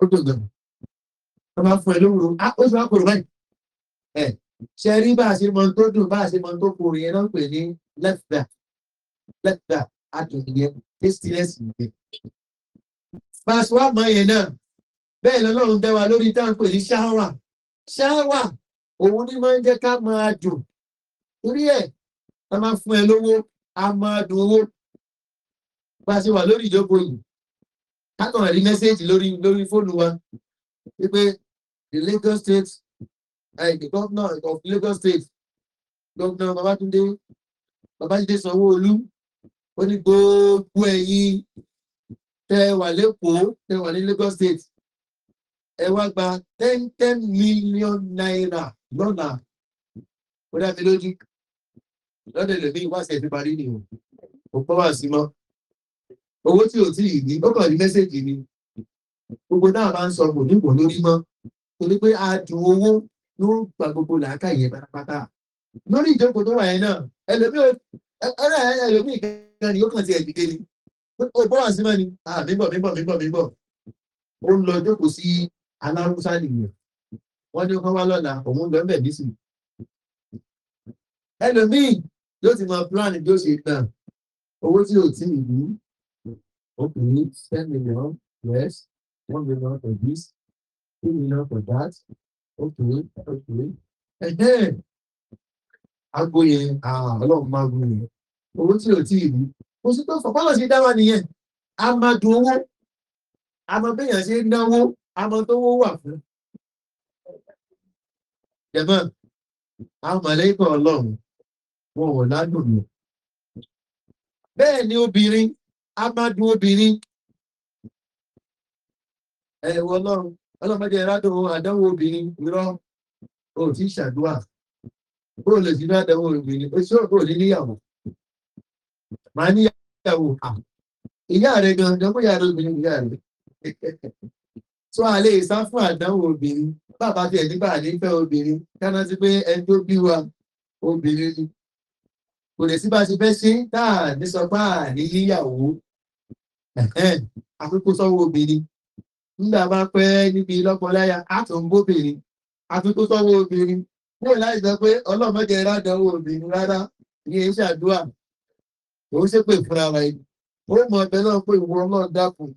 ó dùn gan tó máa fún ẹ lóru á ó sì máa kóró báyìí ẹ ṣe rí bá a ṣe mọ tó dùn bá a ṣe mọ tó kóró yẹn náà pè ní lẹ́fẹ̀dà lẹ́fẹ̀dà adùn yẹn tastiness yẹn bá a ṣe wá mọ yẹn náà bẹ́ẹ̀ lọ́lọ́run dẹ́wà lórí táwọn pè ní ṣáwà ṣáwà òun ní máa ń jẹ́ ká máa dùn torí ẹ̀ a máa fún ẹ lówó a máa dùn owó bá a ṣe wà lórí ìjókòó yìí kákan rí mẹ́sẹ́ẹ̀jì lórí lórí fóònù wa wípé the lagos state uh, the governor of lagos state governor babatunde babajide sanwóolu ó ní gbogbo ẹ̀yìn tẹ wà lẹ́kọ̀ọ́ tẹ wà ní lagos state ẹ wá gba ten ten million naira lọ́nà ó dá mi lójú lọ́dẹ̀ lèmi ìwáṣẹ̀ ti parí nìyẹn kò pọ́ wá sí mọ́ owó tí ò tí ì ní ó kàn ní mẹ́sẹ̀gì ni gbogbo náà máa ń sọ kò ní kò lórí mọ́ torí pé adùn owó ló ń gba gbogbo làákà yẹn pátápátá lórí ìjókòó tó wà yẹn náà ẹlòmíì ọ̀rẹ́ ẹlòmíì kan ni ó kàn ti ẹ̀dìdé ni ó bọ́ wá sí mọ́ ni mímọ̀ mímọ̀ mímọ̀ mímọ̀ ó ń lọ jókòó sí aláwùsá nìyẹn wọ́n ní kán wá lọ́la òun lọ bẹ̀ nísìn ẹlòmíì yóò ti mọ plan bí ó ṣe gbà owó tí ò tí ìlú obìnrin ten million yes one million for this two million for that okay okay ẹ̀hẹ́n agbo yẹn ọlọ́run máa gún yẹn owó tí ò tí ìlú kò sí tó fọ bọ́lọ̀ sí dáwà nìyẹn a owó a máa bẹ̀yàn náwó àmọ́ tó wó wà fún jẹmọ́ àmọ̀lẹ́kọ̀ ọlọ́run wọn ò lágbòmù bẹ́ẹ̀ ni obìnrin a máa dún obìnrin ẹ̀wọ̀ ọlọ́run ọlọ́mọdé rádùn àdánwò obìnrin irọ́ ò tí ṣàdúrà ó lè sínú àdánwò obìnrin ó sì ò ní níyàwó màá níyàwó ìyá rẹ gan-an ìyá rẹ obìnrin ìyá rẹ tó a lè sá fún àdánwò obìnrin bàbá fi ẹ̀dígbà nífẹ̀ obìnrin dáná sí pé ẹni tó bí wa obìnrin ni kò lè sí bá ṣe fẹ́ ṣe táà ní sọ pé à ní yíyàwó àkókò sọ́wọ́ obìnrin nígbà bá pẹ́ níbi lọ́pọ̀láyà á tó ń bóbìnrin àkókò sọ́wọ́ obìnrin wọ́n láì sọ pé ọlọ́mọdé rádánwò obìnrin rárá ní iṣẹ́ àdúrà òun ṣe pé fúnra wa ó mọ ọbẹ̀ náà pé ìwọ náà dákun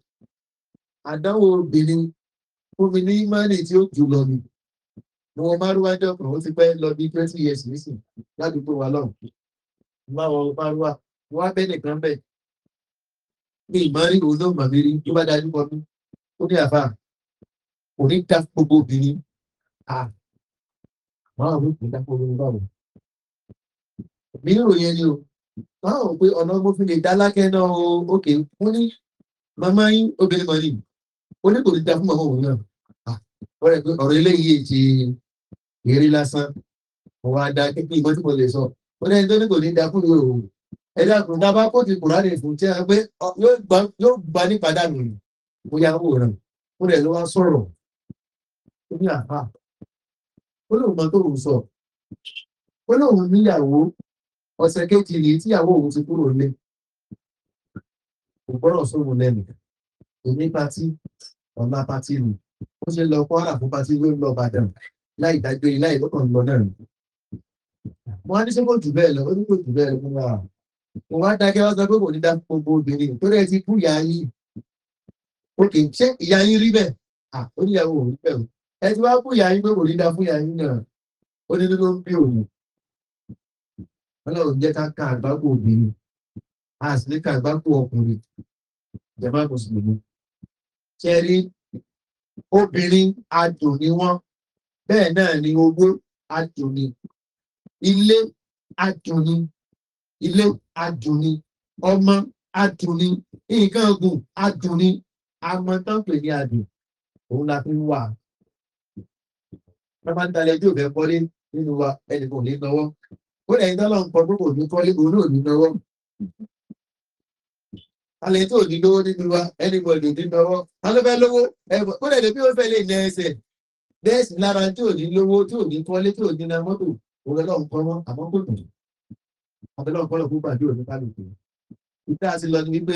àdánwò obìnrin omi ní mánì tí ó jù lọ ni wọn márùwá jọkàn ó ti pẹ́ lọ bí twenty years nísìn ládùúgbò wa lọ́hùn báwọn márùwá wọn á bẹ́ nìkan bẹ́ẹ̀ ní ìmọ̀rí òun náà màmí rí tó bá dájú kọ mí ó ní àfà kò ní dá gbogbo obìnrin à máa wí dá gbogbo obìnrin báwọn mi ò yẹn ni o máa wọ pé ọ̀nà mo fi lè dá lákẹ́ náà o òkè wọ́n ní màmá yín obìnrin mọ̀ nìyí oníkòrí da fún àwọn òun náà ọ̀rọ̀ eléyìí ti eré lásán ọwọ́ adá kékeré ìbọn tí mo lè sọ ó lẹ́yìn tó ní kò ní da fún ìwé òun ẹ̀dá kò dábá kó ti kùránì fún tí a pé yóò gba ní padànù mo yá owó rẹ̀ mo lẹ̀ ló wá sọ̀rọ̀ ó ní àpá ó lóun mọ tó òun sọ ó lóun níyàwó ọ̀sẹ̀ kejì yìí tíyàwó òun ti kúrò lé kò gbọ́dọ̀ sóhun lẹ́nu kò ní ọ̀la pátí nù ó ṣe lọ kwara fún pátí ló ń lọ ìbàdàn láì dájú ilé láì lọ́kàn lọ náà mo wá ní sí kò jù bẹ́ẹ̀ lọ ó ní kò jù bẹ́ẹ̀ lọ fún wa mo wá dákẹ́ wá sọ pé kò ní dá gbogbo obìnrin tó rẹ̀ ti kú ìyá yín òkè ṣé ìyá yín rí bẹ́ẹ̀ à ó ní ìyàwó òun bẹ́ẹ̀ o ẹ ti wá kú ìyá yín pé kò ní dá fún ìyá yín náà ó ní ló ń bí òun ọlọ́run jẹ́ ká ká àgbákò obìnrin a sì ní ká àgbákò ọkùnrin ìjọba kò sì lè mú ṣẹ̀rí obìnrin adùn ni wọ́n bẹ́ẹ̀ náà ni owó adùn ni ilé adùn ni ilé adùn ni ọmọ adùn ni nǹkan ọ̀gùn adùn ni amọ̀tánpè ní adùn òun la fi ń wà. wọ́n máa ń dalẹ̀ ẹjọ́ ìbẹ̀ kọ́lé nínú wa ẹnìkan ò ní náwó ó lẹ́yìn tó lọ́n pọ̀ pé kò ní kọ́lé òun ò ní náwó alẹ́ tó ní lówó nínú wa anybody ní lọ́wọ́ alọ́fẹ́ lówó ẹ̀fọ́ kó lẹ́nu bí ó fẹ́ lè nẹ ẹsẹ̀ bẹ́ẹ̀sì lára tí ò ní lówó tí ò ní kọ́lé tí ò ní na mọ́tò òun lọ́n kọ́ wọn àmọ́ kò dùn àbẹ́lọ́n kọ́ lọ fún gbàdúrà ní kálukú ìta àti lọ ní wípé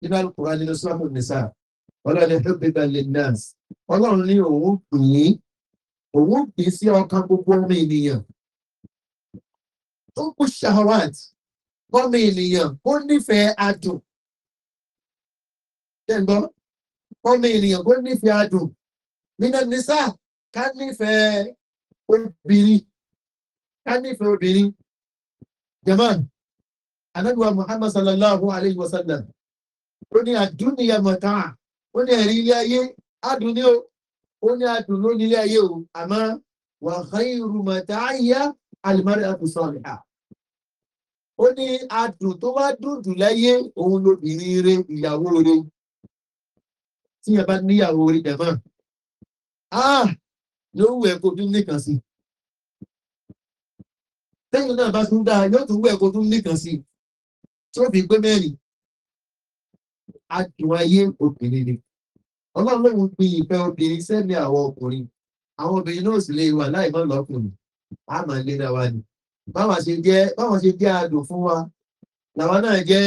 nínú àlùkùrá nínú sọ́ọ̀mù nìsà ọlọ́run ló gbé balẹ̀ nurse ọlọ́run ní òun gbìn òun gbìn sí ọkàn gbogbo ọmọ ènìyàn tó kù shahawat bọ́mọ ènìyàn ó nífẹ̀ẹ́ adùn tẹ́gbọ́n bọ́mọ ènìyàn ó nífẹ̀ẹ́ adùn nínú nísà ká nífẹ̀ẹ́ obìnrin ká nífẹ̀ẹ́ obìnrin jaman anabiwa muhammad sallallahu alayhi wa sallam ó ní àdúnìyà mọ̀tá ó ní ẹ̀rí ilé ayé adùn ní o ó ní adùn ló ní ilé ayé o àmọ́ wàhálà ìrùmọ̀tá ayé alimari àbùsọ̀rìhà ó ní adùn tó wá dùndù láyé òun lóbìnrin rẹ ìyàwó rẹ tí ẹ bá níyàwó rẹ dẹ̀mọ́ ah ló wù ẹ̀kọ́ tún nìkan sí tẹ́yìn náà bá tún dáa yóò tún wù ẹ̀kọ́ tún nìkan sí tí ó fi gbé mẹ́rin adùn ayé obìnrin ni ọlọ́run pin ìfẹ́ obìnrin sẹ́ni àwọn ọkùnrin àwọn obìnrin náà sì lè wà láì má lọ́kùnrin àmọ́ ni báwọn ṣe jẹ́ báwọn ṣe jẹ́ adùn fún wa làwọn náà jẹ́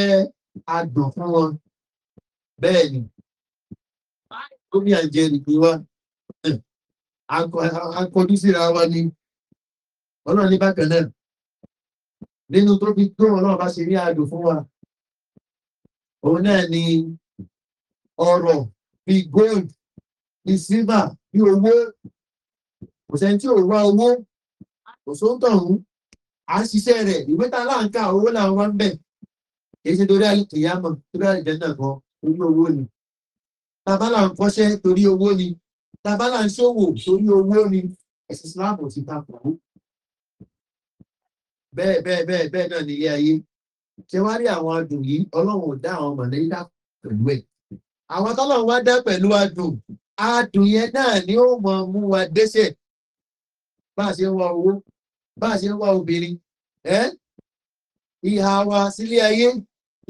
adùn fún wọn bẹ́ẹ̀ ni gómìnà jẹ́ nìpín wa akọjú síra wa ni ọlọ́run ní bákan náà nínú tó fi tó ọlọ́run bá ṣe rí adùn fún wa òun náà ni ọ̀rọ̀ bí gold bí silver bí owó kò sẹ́ni tí ò wá owó kò sóńtọ̀ ọ̀hún à ń ṣiṣẹ́ rẹ̀ ìwé ta láǹkà owó làwọn wá ń bẹ̀ kì í ṣe torí àyàmọ̀ torí àjẹ́ náà kan torí owó ni tàbá là ń kọ́ṣẹ́ torí owó ni tàbá là ń ṣòwò torí owó ni ẹ̀sìn islam ò ti takò ó bẹ́ẹ̀ bẹ́ẹ̀ bẹ́ẹ̀ bẹ́ẹ̀ náà ní ilé ayé ṣe wá rí àwọn adùn yìí ọlọ́run ò dá àwọn mọ̀lẹ́dá pẹ̀lú ẹ̀ àwọn tọ́lọ́run wá dá pẹ̀lú adùn adùn yẹn náà ni ó mọ̀ mú wa dẹ́sẹ̀ bá a ṣe ń wá owó bá a ṣe ń wá obìnrin ìhà wa sílé ayé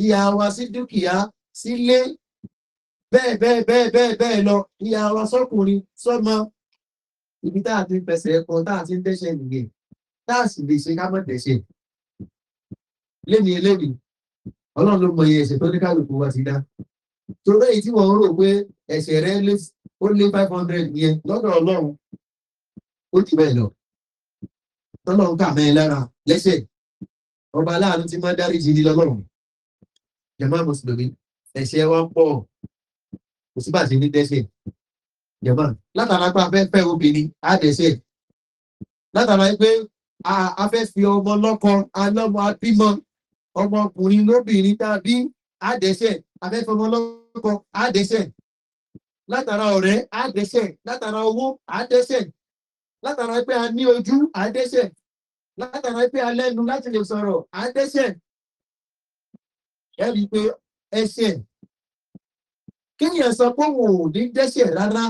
ìhà wa sí dúkìá sílé bẹ́ẹ̀ bẹ́ẹ̀ bẹ́ẹ̀ bẹ́ẹ̀ bẹ́ẹ̀ lọ ìhà wa sọ́kùnrin sọ́mọ ibi tá a ti fẹsẹ̀ ẹ̀kọ́ tá a ti ń dẹ́ṣẹ̀ nìyẹn tá a sì lè ṣe ká mọ̀ dẹ́ṣẹ̀ lémi elémi ọlọ́run ló mọ iye ẹ̀ṣẹ̀ tó ní kálukú wa ti dá torí èyí tí wọ́n rò pé ẹ̀ṣẹ̀ rẹ ó lé five hundred yẹn lọ́dọ̀ ọlọ́run ó ti bẹ́ẹ̀ lọ tọ́lọ̀ ń kà mẹ́ lára lẹ́sẹ̀ ọba aláàánú ti máa dárí jìdí lọ́lọ́run jẹ̀má mùsùlùmí ẹ̀ṣẹ̀ wa ń pọ̀ kò sí bàtí ní dẹ́sẹ̀ jẹ̀má látara pé afẹ́fẹ́ obìnrin á dẹ́sẹ̀ látara pé afẹ́ fi ọmọ lọ́kọ alọ́mọ abímọ ọmọkùnrin lóbìnrin tàbí á dẹ́sẹ̀ afẹ́fẹ́ ọmọ lọ́kọ á dẹ́sẹ̀ látara ọ̀rẹ́ á dẹ́sẹ̀ látara owó á dẹ́sẹ̀ látara pé a ní ojú á látara pé alẹ́nu láti lè sọ̀rọ̀ àdẹ́sẹ̀ ẹ̀rí pé ẹ̀ṣẹ̀ kíyàn sọ pé wò ó ní dẹ́ṣẹ̀ rárá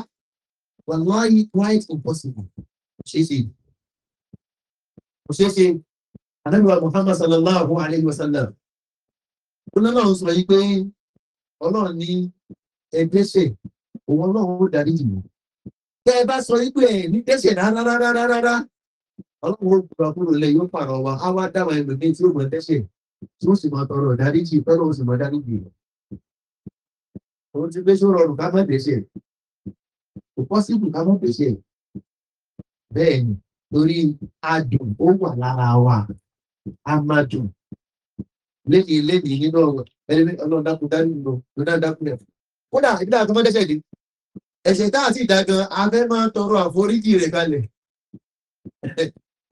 wọ́n lọ́ yí quite impossible ṣeéṣe kò ṣeéṣe anábìwá muhammad sallallahu alayhi wa sallam olóòlù sọ yí pé ọlọ́run ní ẹ̀dẹ́ṣẹ̀ òun ọlọ́run ó darí ìlú tẹ́ ẹ bá sọ yí pé ẹ̀ ní dẹ́ṣẹ̀ rárá rárá rárá ọlọ́run gba kúrò lẹ yóò pàrọ̀ wa á wá dáwà ẹlòmíín tí ó mọ tẹ́sẹ̀ tí ó sì mọ tọrọ ìdáríjì tọ́lọ́ ó sì mọ dáríjì òun ti gbé sọ rọrùn ká má tẹ̀sẹ̀ kò pọ́sibù ká má tẹ̀sẹ̀ bẹ́ẹ̀ ni torí adùn ó wà lára wa a máa dùn lẹ́yìn lẹ́yìn nínú ọ̀rọ̀ ẹni ọlọ́run dákun dání lọ ló dá dákun rẹ̀ kódà ìdílé àtọmọ dẹ́sẹ̀ dé ẹ̀sẹ̀ tá àti afẹ́ máa ń tọrọ àforíjì rẹ̀ kalẹ̀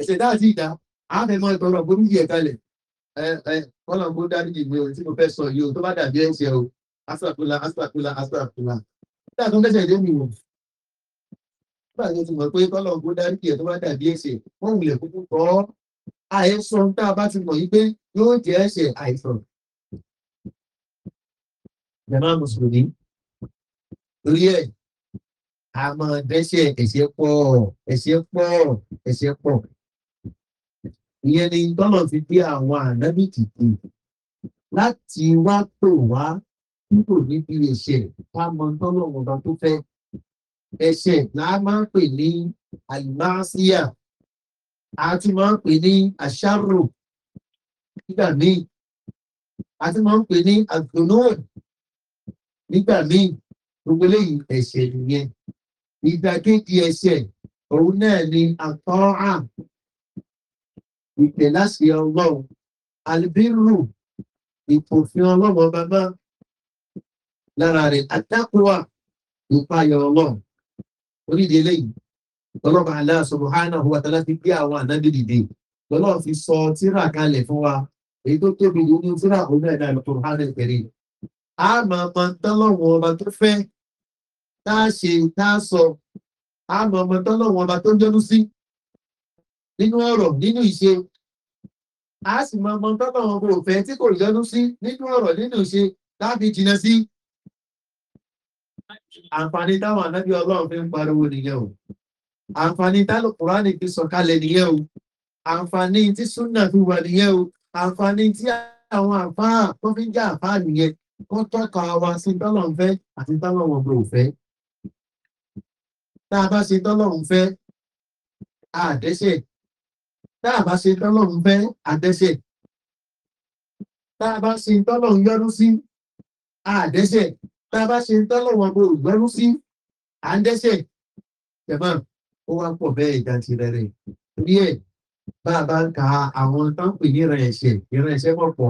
ẹ̀ṣẹ̀ dáàtì ìdá àfẹ́mọ́ ìtọrọ gbórúkì ẹ̀ kalẹ̀ kọ́nà kó dáríjì mi ò tí mo fẹ́ sọ yìí o tó bá dàbí ẹ̀ṣẹ̀ o asàkúlà asàkúlà asàkúlà nígbà tó ń dẹ́ṣẹ̀ dé mi o nígbà tó ti mọ̀ pé kọ́nà kó dáríjì ẹ̀ tó bá dàbí ẹ̀ṣẹ̀ wọ́n wulẹ̀ kúkú kọ́ àìsàn tá a bá ti mọ̀ yìí pé yóò jẹ́ ẹ̀ṣẹ̀ àìsàn. Jàmá Mùsùlùmí, torí ẹ̀ a máa dẹ́ṣẹ̀ ẹ̀ṣẹ̀ pọ̀ ẹ̀ṣẹ̀ pọ̀ ẹ̀ṣẹ̀ pọ̀ ìyẹn ni tọ́lọ̀ fi gbé àwọn ànábì kìkì láti wá pè wá kúrò níbi ẹ̀ṣẹ̀ ká mọ tọ́lọ̀ ọba tó fẹ́ ẹ̀ṣẹ̀ náà máa ń pè ní àlùmáṣíà a tún máa ń pè ní àṣàrò nígbà míì a máa ń pè ní àgbọ̀nọ́ọ̀ nígbà míì gbogbo eléyìí ẹ̀ṣẹ̀ nìyẹn ìdàkejì ẹ̀ṣẹ̀ òun náà ni àtọ́ràn ìpè láti ọlọ́run albírù ìpòfin ọlọ́run bàbá lára rẹ̀ adákùwà ìpayọ̀ ọlọ́run orílẹ̀ eléyìí ọlọ́run aláàsọ̀rọ̀ hánà wà tálá ti gbé àwọn ànábì dìde lọ́lọ́run fi sọ tíra kalẹ̀ fún wa èyí tó tóbi nínú tíra òun náà dàbí tó hánà ìpèrè a máa mọ tọ́lọ́run ọba tó fẹ́ tá a ṣe tá a sọ a máa mọ tọ́lọ́run ọba tó ń jọ́nú sí nínú ọ̀rọ̀ nínú ìṣe a sì mọ ọmọ tọ́kọ̀ wọn kò fẹ́ tí kò yọnu sí nínú ọ̀rọ̀ nínú ìṣe láti jìnà sí àǹfààní táwọn ànábí ọlọ́run fi ń pariwo nìyẹn o àǹfààní tálò kùránì fi sọ̀kalẹ̀ nìyẹn o àǹfààní tí súnà fi wà nìyẹn o àǹfààní tí àwọn àǹfàà tó fi ń jẹ́ àǹfàà nìyẹn kó tọ́ka wa sí tọ́lọ́run fẹ́ àti tọ́lọ́run ọgbọ̀n òfẹ́ tá a bá ṣe tọ́lọ́run fẹ́ àdẹ́sẹ̀ tá a bá ṣe tọ́lọ́run fẹ́ àdẹ́sẹ̀ tá a bá ṣe tọ́lọ́run yọ́nú sí àdẹ́sẹ̀ tá a bá ṣe tọ́lọ́run ọmọ ògbẹ́rú sí àdẹ́sẹ̀ jẹ̀mọ́ ó wá pọ̀ bẹ́ẹ̀ ìdáǹtì rẹ̀ rẹ̀ torí ẹ̀ bá a bá ń ka àwọn tó ń pè ní ìran ẹ̀ṣẹ̀ ìran ẹ̀ṣẹ̀ pọ̀pọ̀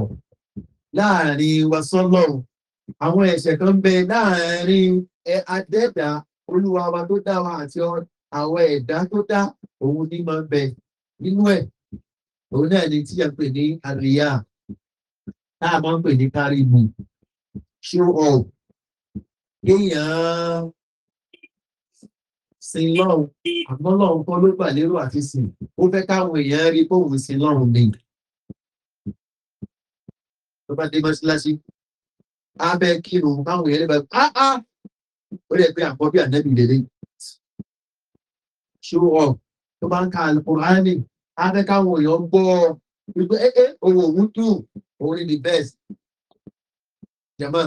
láàrin wa sọ́lọ́run àwọn ẹ̀ṣẹ̀ kan bẹ láàrin adẹ́dà olúwa wa tó dá wa àti àwọn ẹ̀dá tó dá òun ní máa ń bẹ nínú ẹ̀ òun náà ni tí a pè ní àríyá tá a máa ń pè ní kárìbù show up kéèyàn sin lọ́hùn àmọ́ lọ́hùn kọ́ ló gbà lérò àti sìn ó fẹ́ káwọn èèyàn rí bóun sin lọ́hùn ni tó bá dé mọ́ṣíláṣí á kírun báwọn èèyàn lè bá ó lè pe àkọ́bí ànẹ́bí lélẹ́yìn show up tó bá ń ka alukurani afẹ́ káwọn èèyàn gbọ́ wípé ẹ́ owó òun tù òun the best jẹ̀mọ́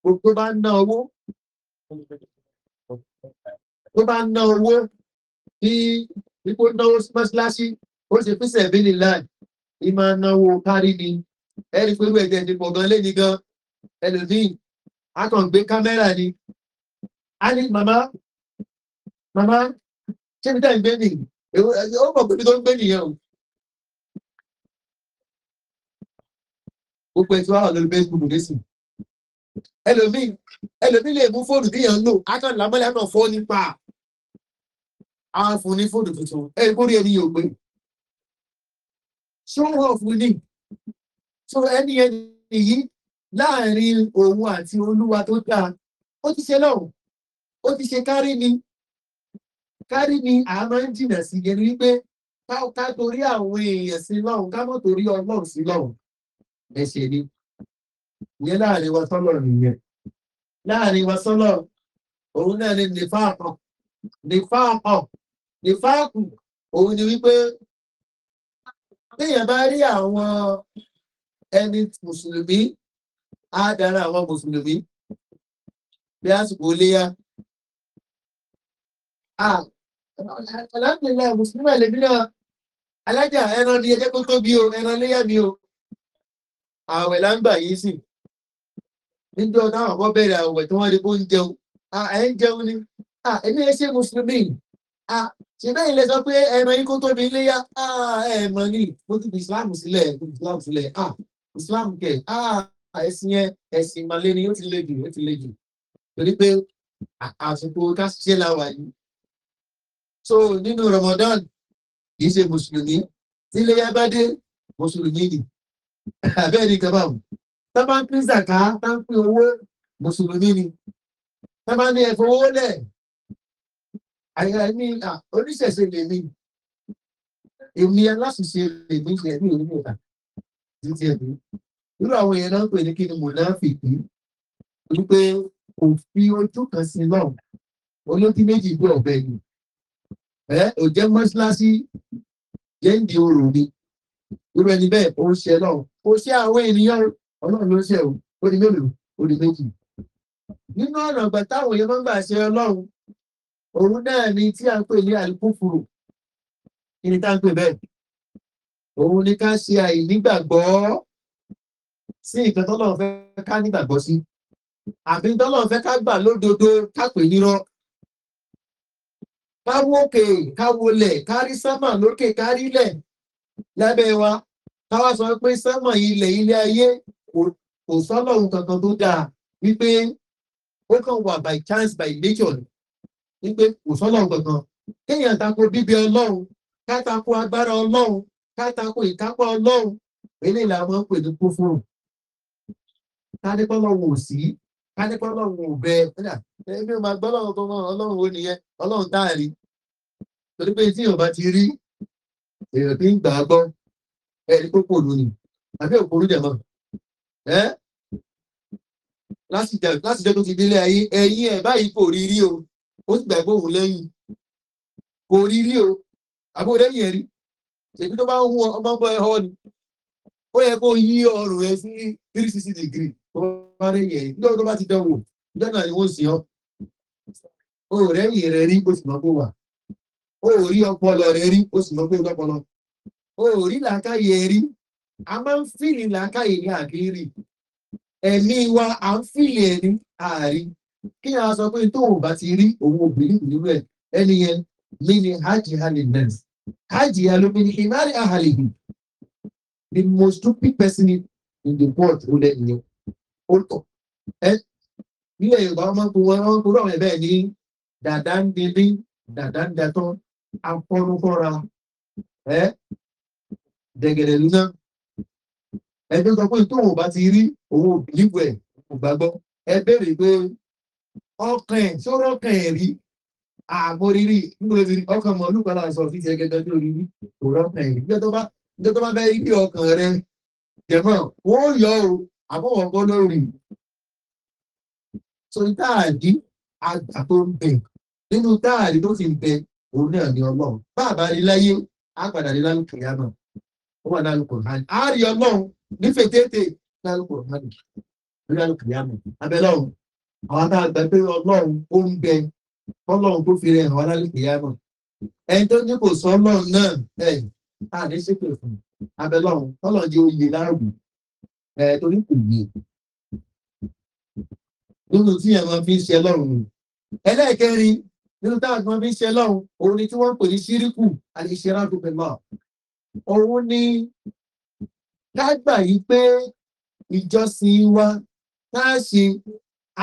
gbogbo bá ná owó tó bá ná owó tí ipò náwó mọ́ṣíláṣí ó ṣe fíṣẹ̀ bí ní láì ìmọ̀ náwó kárí ni ẹni pé wíwẹ̀ jẹ́ ìdìbò gan léyìn gan ẹlòmíì akàn gbé kámẹ́rà ni a ní màmá màmá ṣé ibi tá ń gbé nì ó mọ̀ pé ibi tó ń gbé nìyẹn o. gbogbo ẹtí wà wà lórí facebook lẹ́sìn ẹlòmíì ẹlòmíì lè mú fóònù tíyàn ń lò akọ́ni lámọ́lẹ́ àná fọ́ nípa àwọn fún ní fóònù tuntun ẹ kórè ẹni yóò gbé ṣé wọ́n fún ní so ẹni ẹni yìí láàrin òun àti olúwa tó dáa ó ti ṣe lọ́rùn ó ti ṣe kárí ni kárí ni a máa ń jìnà sí yẹn wípé ká torí àwọn èèyàn sí lọ́hùn ká mọ́ torí ọlọ́run sí lọ́hùn ẹ̀ṣẹ̀ ni ìyẹn láàrin wa sọ́lọ̀ nìyẹn láàrin wa sọ́lọ̀ òun náà ni nìfáàkọ̀ nìfáàkọ̀ nìfáàkù òun ni wípé téèyàn bá rí àwọn ẹni mùsùlùmí á dára àwọn mùsùlùmí bí àsìkò léyà alábìlẹ̀ mùsùlùmí ẹ̀lẹ́bí náà alájà ẹran ni ẹjẹ́ kó tóbi o ẹran léyà mi o ààwẹ̀ là ń gbà yìí sì níjọ́ táwọn ọmọ bẹ̀rẹ̀ ààwẹ̀ tí wọ́n rí bó ń jẹun ẹ̀ ń jẹun ni ẹni ẹ ṣe mùsùlùmí ṣe bẹ́ẹ̀ ilẹ̀ sọ pé ẹran yìí kó tóbi léyà ẹ̀ mọ̀ ni mo ti fi islam sílẹ̀ islam sílẹ̀ islam kẹ̀ ẹ̀sìn yẹn ẹ̀sìn ìmàlẹ́ni ó ti le jù ó ti le jù torí pé àsìkò ká ṣiṣẹ́ làwà yìí so nínú ramadan kìí ṣe mùsùlùmí tí ilé yá bá dé mùsùlùmí ni abẹ́ ní kebab tábà ń pín zaka tá ń pín owó mùsùlùmí ni tábà ní ẹ̀fọ́ owó lẹ̀ àyà ní oníṣẹ̀ṣe lèmi èmi aláṣìṣe lèmi ṣe ẹ̀mí òní ìta títí ẹ̀mí irú àwọn èèyàn náà ń pè ní kí ni mùnáfìkì wípé kò fi ojú kan sí lọ́wọ́ olókí méjì gbé ọ̀bẹ yìí ẹ ò jẹ́ mọ́ṣíláṣí jẹ́ ń di oòrùn ni irú ẹni bẹ́ẹ̀ ó ń ṣe lọ́wọ́ kò sí àwọn ènìyàn ọlọ́run ló ń ṣe ó di mélòó ó di méjì nínú ọ̀nà ọ̀gbà táwọn èèyàn máa ń gbà ṣe ọlọ́run òun náà ni tí a ń pè ní àlùkùfùrù kí ni tá ń pè bẹ́ẹ̀ òun ni ká ṣe àìnígbàgbọ́ sí nǹkan tọ́lọ́run ká nígbàgbọ́ sí àbí tọ́lọ́run ká gbà lódodo ká pè nírọ́ káwókè káwolẹ̀ kárí sámà lókè kárí ilẹ̀ lábẹ́ wa káwá sọ pé sámà ilẹ̀ ilé ayé kò sọ́lọ́run kankan tó dáa wípé ó kàn wà by chance by nature wípé kò sọ́lọ́run kankan kéèyàn tako bíbí ọlọ́run kátako agbára ọlọ́run kátako ìkápá ọlọ́run eléyìí làwọn ń pè ní kófòrò ká ní kọ́lọ́run ò sí ká ní pé ọlọ́run ò bẹ ẹbí o máa gbọ́ ọlọ́run tó mọ́ ọlọ́run ó nìyẹn ọlọ́run tá a rí torí pé tí èèyàn bá ti rí èèyàn tí ń gbà á gbọ́ ẹni tó kòrò ni àbí òkòrò dẹ̀ mọ́ ẹ́ láti jẹ́ tó ti délé ayé ẹ̀yìn ẹ̀ báyìí kò rí rí o ó sì gbàgbọ́ òun lẹ́yìn kò rí rí o àbí òun lẹ́yìn ẹ̀ rí èyí tó bá ń hún ọmọ ọmọ ẹ̀ ni ó yẹ kó yí ọrùn ẹ sí three degree parí yẹn nígbà tó bá ti dánwò dánà ni wọ́n sì ọ́ o rẹ̀ yìí rẹ̀ rí o sì mọ́ pé wà o rí ọpọlọ rẹ̀ rí o sì mọ́ pé lọ́pọlọ o rí làákàyè rí a máa ń fìlì làákàyè ní àkírí ẹ̀mí wa à ń fìlì ẹ̀rí ààrí kí a sọ pé tóun bá ti rí òun obìnrin nínú ẹ̀ ẹni yẹn mí ni hajj halidness hajj halomini himari ahalihim the most stupid person in the world ó lẹ́yìn yẹn orúkọ ẹ nílẹ̀ yorùbá wọn máa ń kúrò wọn kúrò àwọn ẹ̀bẹ̀ ní dàdá ń délé dàdá ń datọ́ akọ́nukọ́ra ẹ dẹ̀gẹ̀dẹ̀ lúná ẹgbẹ́ sọ pé tóun bá ti rí òun òbílíwù ẹ̀ kò gbàgbọ́ ẹ béèrè pé ọkàn ẹ̀ sọ̀rọ̀ ọkàn ẹ̀ rí àmórírí nígbèrè ọkàn mọ̀ olùkọ́lá sọ fi ṣe gẹ́gẹ́ bí orí kò rọ́kàn ẹ̀ rí ìjọ tó bá bẹ́ẹ̀ ọkàn rẹ jẹ̀mọ́ wọ́n yọ ọ́ àbọ̀wọ̀ gbọ́dọ̀ rìn so dáàdí àgbà tó ń bẹ̀ nínú dáàdí tó fi ń bẹ òun náà ni ọlọ́run bàbá rí láyé á padà rí lálùkù yá náà ó wà lálùkù hàn á rí ọlọ́run nífẹ̀ẹ́ tètè lálùkù hàn rí lálùkù yá náà abẹ́lọ́run àwọn tá a gbà pé ọlọ́run ó ń bẹ ọlọ́run tó fi rẹ àwọn lálùkù yá náà ẹni tó ní kò sọ ọlọ́run náà ẹ̀ tá a ní ṣépè fún abẹ́lọ́run ọlọ́run jẹ́ oyè lárùn ẹ torí kò yé nínú tí ẹ máa fi ń ṣe lọ́rùn ẹlẹ́ẹ̀kẹrin nínú táwọn máa fi ń ṣe lọ́rùn òun ni tí wọ́n ń pè ní síríkù àti ìṣẹ́ra tó òun ni ká gbà yí pé ìjọsìn wa tá a ṣe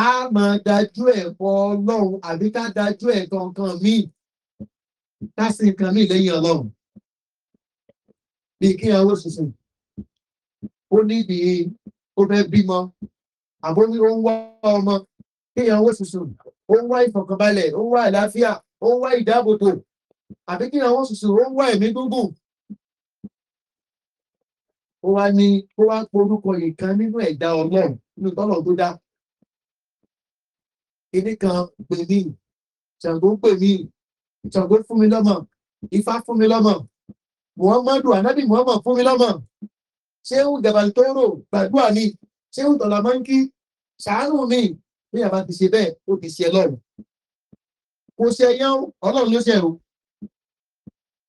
a máa dájú ẹ̀kọ́ ọlọ́run àbí ká dájú ẹ̀kọ́ nǹkan míì ká sí nǹkan míì lẹ́yìn ọlọ́run bí kí àwọn òṣìṣẹ́ ó ní ìdí ó fẹ́ bímọ àbórí ó ń wá ọmọ kéèyàn owó ṣùṣùn ó ń wá ìfọ̀kànbalẹ̀ ó ń wá àlàáfíà ó ń wá ìdáàbòbò àbí kéèyàn owó ṣùṣùn ó ń wá ẹ̀mí gúngùn ó wá ní ó wá porúkọ ìkan nínú ẹ̀dá ọlọ́run nínú tọ́lọ̀ tó dá kíní kan pè mí ṣàǹgó pè mí ṣàǹgó fún mi lọ́mọ ifá fún mi lọ́mọ muhammadu anabi muhammad fún mi lọ́mọ ṣéhùn gẹ̀bàlítọ́rò gbàdúrà ni ṣéhùn tọ̀là máa ń kí ṣàánú mi bí àbá ti ṣe bẹ́ẹ̀ ó ti ṣe ẹlọ́run kò ṣe ẹyán ọlọ́run ló ṣẹ̀rù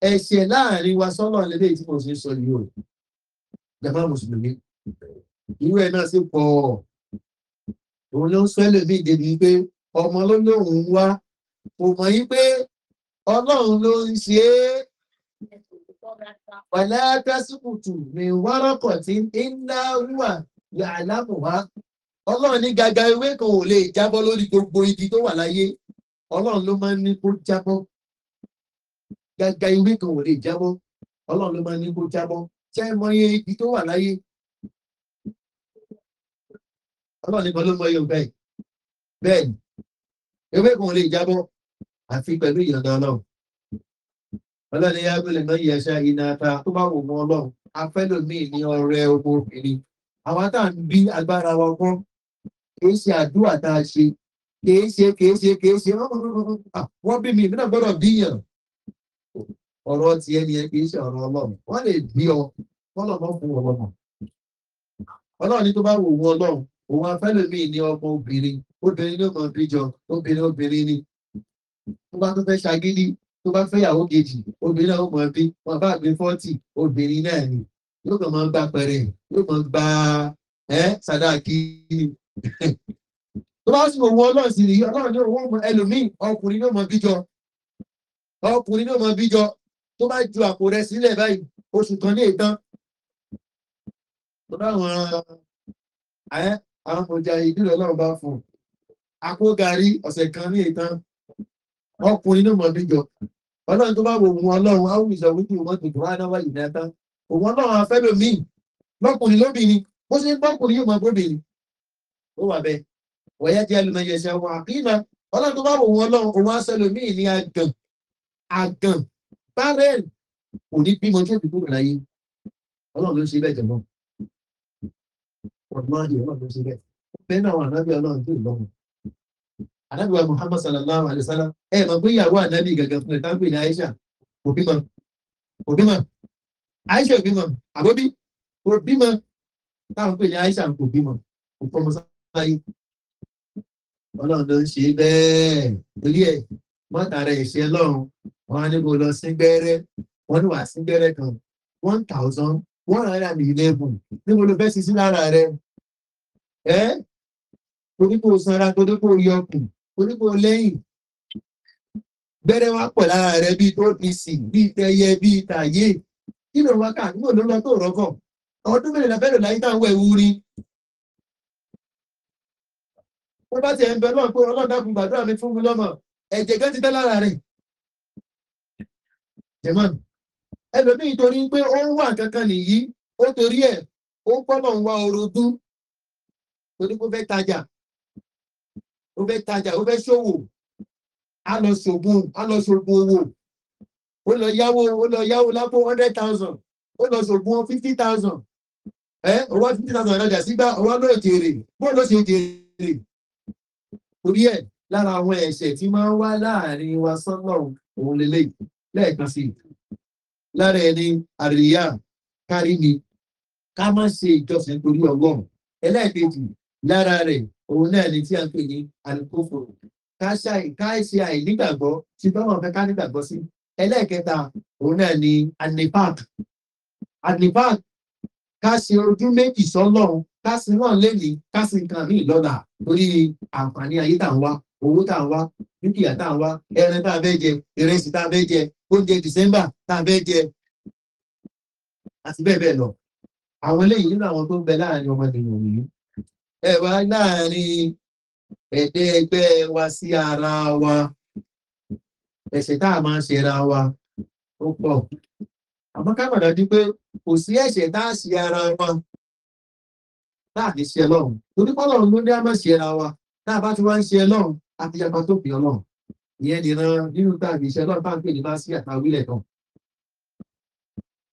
ẹ̀ṣẹ̀ láàrin wa sọ́nà lélẹ́yìí tí mo ṣe sọ yìí o jàmbá mùsùlùmí irú ẹ̀ náà sì pọ̀ òun ló ń sọ ẹlòmíì débi pé ọmọ ló lóun wá kò yí pé ọlọ́run ló ń ṣe é Wàlá tásùkùtù mi wárọ́kọ̀ tí iná wà yàlámù wá. Ọlọ́run ní gaga ewé kan ò lè jábọ́ lórí gbogbo igi tó wà láyé. Ọlọ́run ló máa ń ní kó jábọ́. Gaga ewé kan ò lè jábọ́. Ọlọ́run ló máa ń ní kó jábọ́. Ṣé ẹ mọ iye igi tó wà láyé? Ọlọ́run nìkan ló mọ iye bẹ́ẹ̀. Bẹ́ẹ̀ni, ewé kan ò lè jábọ́ àfi pẹ̀lú ìyọ̀dọ̀ Ọlọ́run ọlọ́ni yá bẹ̀rẹ̀ náà yẹ ṣe iná ta tó bá wò mọ́ ọlọ́run afẹ́lòmíì ní ọrẹ ọmọ obìnrin àwọn tá à ń bí agbára wa kọ́ kìí ṣe àdúrà tá a ṣe kìí ṣe kìí ṣe kìí ṣe wọ́n bí mi ìbí náà gbọ́dọ̀ bíyàn ọ̀rọ̀ ti ẹni ẹ kìí ṣe ọ̀rọ̀ ọlọ́run wọ́n lè bí ọ fọlọ́mọ fún ọlọ́mọ ọlọ́run tó bá wò wọ́n ọlọ́run òun afẹ́lòmíì ní ọmọ obìnrin obìnrin ló mọ̀ bíjọ obìnrin obìnrin ni wọ́n bá tó fẹ́ ṣagídí tó bá fẹ́yàwó kejì obìnrin náà ó mọ bí wọn bá gbé fọ́tì obìnrin náà ni yóò kàn máa gba pẹ̀rẹ̀ yóò máa gba ẹ́ sàdáàkì tó bá sì owó ọlọ́run sì nìyí ọlọ́run ní owó ọmọ ẹlòmíì ọkùnrin náà mọ bíjọ ọkùnrin náà mọ bíjọ tó bá ju àpò rẹ sílẹ̀ báyìí oṣù kan ní ìtàn tó dáwọn ẹ́ àwọn ọjà ìdílé ọlọ́run bá fún àpò gàrí ọ̀sẹ̀ kan ní ìtàn ọkùnrin náà mọ bíjọ ọlọ́run tó bá wo ohun ọlọ́run áwùn ìṣọ̀wíjì wọn ti dùn ánáwá ìdáta òun ọlọ́run afẹ́lòmíì lọ́kùnrin lóbìnrin bó ṣe ń bọ́kùnrin yóò mọ bóbìnrin ó wà bẹ́ẹ̀ wọ̀yá jẹ́ alùmọ̀yẹ ṣe wọn àkínà ọlọ́run tó bá wo ohun ọlọ́run òun aṣẹ́lòmíì ní àgàn àgàn bárẹ́ẹ̀lì kò ní bímọ tó ti kúrò láyé ọlọ́run ló ṣe bẹ́ẹ̀ jẹ̀mọ́ ọ̀dùnmọ́ anábìwá muhammad sallallahu alayhi wa sallam ẹ mọ̀ pé ìyàwó ànábì gàgà fún ẹ̀ta ń pè ní aisha òbímọ òbímọ aisha òbímọ àbóbí òbímọ táwọn pè ní aisha òbímọ òfọmọ sáyé ọlọ́run ló ń ṣe bẹ́ẹ̀ torí ẹ̀ mọ́tàrà ìṣe lọ́run wọn á ní kó lọ sí gbẹ́rẹ́ wọn ní wàá sí kan one thousand one hundred and eleven níbo ló fẹ́ sí sí lára rẹ ẹ́ torí kò sanra torí kò yọkùn oníbo lẹ́yìn gbẹ́rẹ́ wá pọ̀ lára rẹ bíi tó fi sì bíi tẹyẹ bíi tàyè kí ló wá ká níbo ló lọ tó rọ́gọ̀ ọdún mẹ́rin la fẹ́rẹ̀ láyé táwọn ẹ̀wù rí wọ́n bá ti ẹ̀ ń bẹ lọ́n pé ọlọ́dàkùn gbàdúrà mi fún mi lọ́mọ ẹ̀jẹ̀ kan ti tẹ́ lára rẹ̀ jẹ̀mọ́n ẹlòmíì torí pé ó wà kankan nìyí ó torí ẹ̀ ó gbọ́dọ̀ ń wá orogún torí kó fẹ́ tajà ó fẹ́ tajà ó fẹ́ ṣòwò á lọ ṣògùn á lọ ṣògùn owó ó lọ yáwó ó lọ yáwó lápò hundred thousand ó lọ ṣògùn fifty thousand ẹ ọwọ́ fifty thousand ọjà sígbà ọwọ́ ló jèrè bó ló ṣe jèrè orí ẹ̀ lára àwọn ẹ̀ṣẹ̀ tí máa ń wá láàrin wa sọ́nà òun lélẹ́yìí lẹ́ẹ̀kan sí lára ẹni àríyá kárí ni ká má ṣe ìjọsìn torí ọlọ́run ẹlẹ́ẹ̀kejì lára rẹ̀ òun náà ni tí a ń pè ní alukófòrò káìsí àìnígbàgbọ́ tí bọ́mọ̀ fẹ́ ká nígbàgbọ́ sí ẹlẹ́ẹ̀kẹta òun náà ni anipak anipak káṣe ojú méjì sọ́lọ́run káṣe náà lẹ́yìn káṣe nǹkan míì lọ́la torí àǹfààní ayé tà ń wá owó tá à ń wá dúkìá tá à ń wá ẹran tá a fẹ́ jẹ ìrẹsì tá a fẹ́ jẹ oúnjẹ dìsẹ́mbà tá a fẹ́ jẹ àti bẹ́ẹ̀ bẹ́ẹ̀ lọ àwọn eléyìí nínú àwọn tó ń bẹ láàrin ọmọ ẹ wá láàrin ẹ̀dẹ́ ẹgbẹ́ wa sí ara wa ẹ̀ṣẹ̀ tá a máa ń ṣera wa ó pọ̀ àmọ́ kábàdà di pé kò sí ẹ̀ṣẹ̀ tá a ṣe ara wa láàrin ṣe lọ́hùn torí pọ́lọ́run ló ní àmọ́ ṣe ara wa tá a bá ti wá ń ṣe lọ́hùn àti yàtọ̀ tó fi ọlọ́run ìyẹn nìran nínú tàbí ìṣẹ́ lọ́run bá ń pè ní bá sí àtàwílẹ̀ kan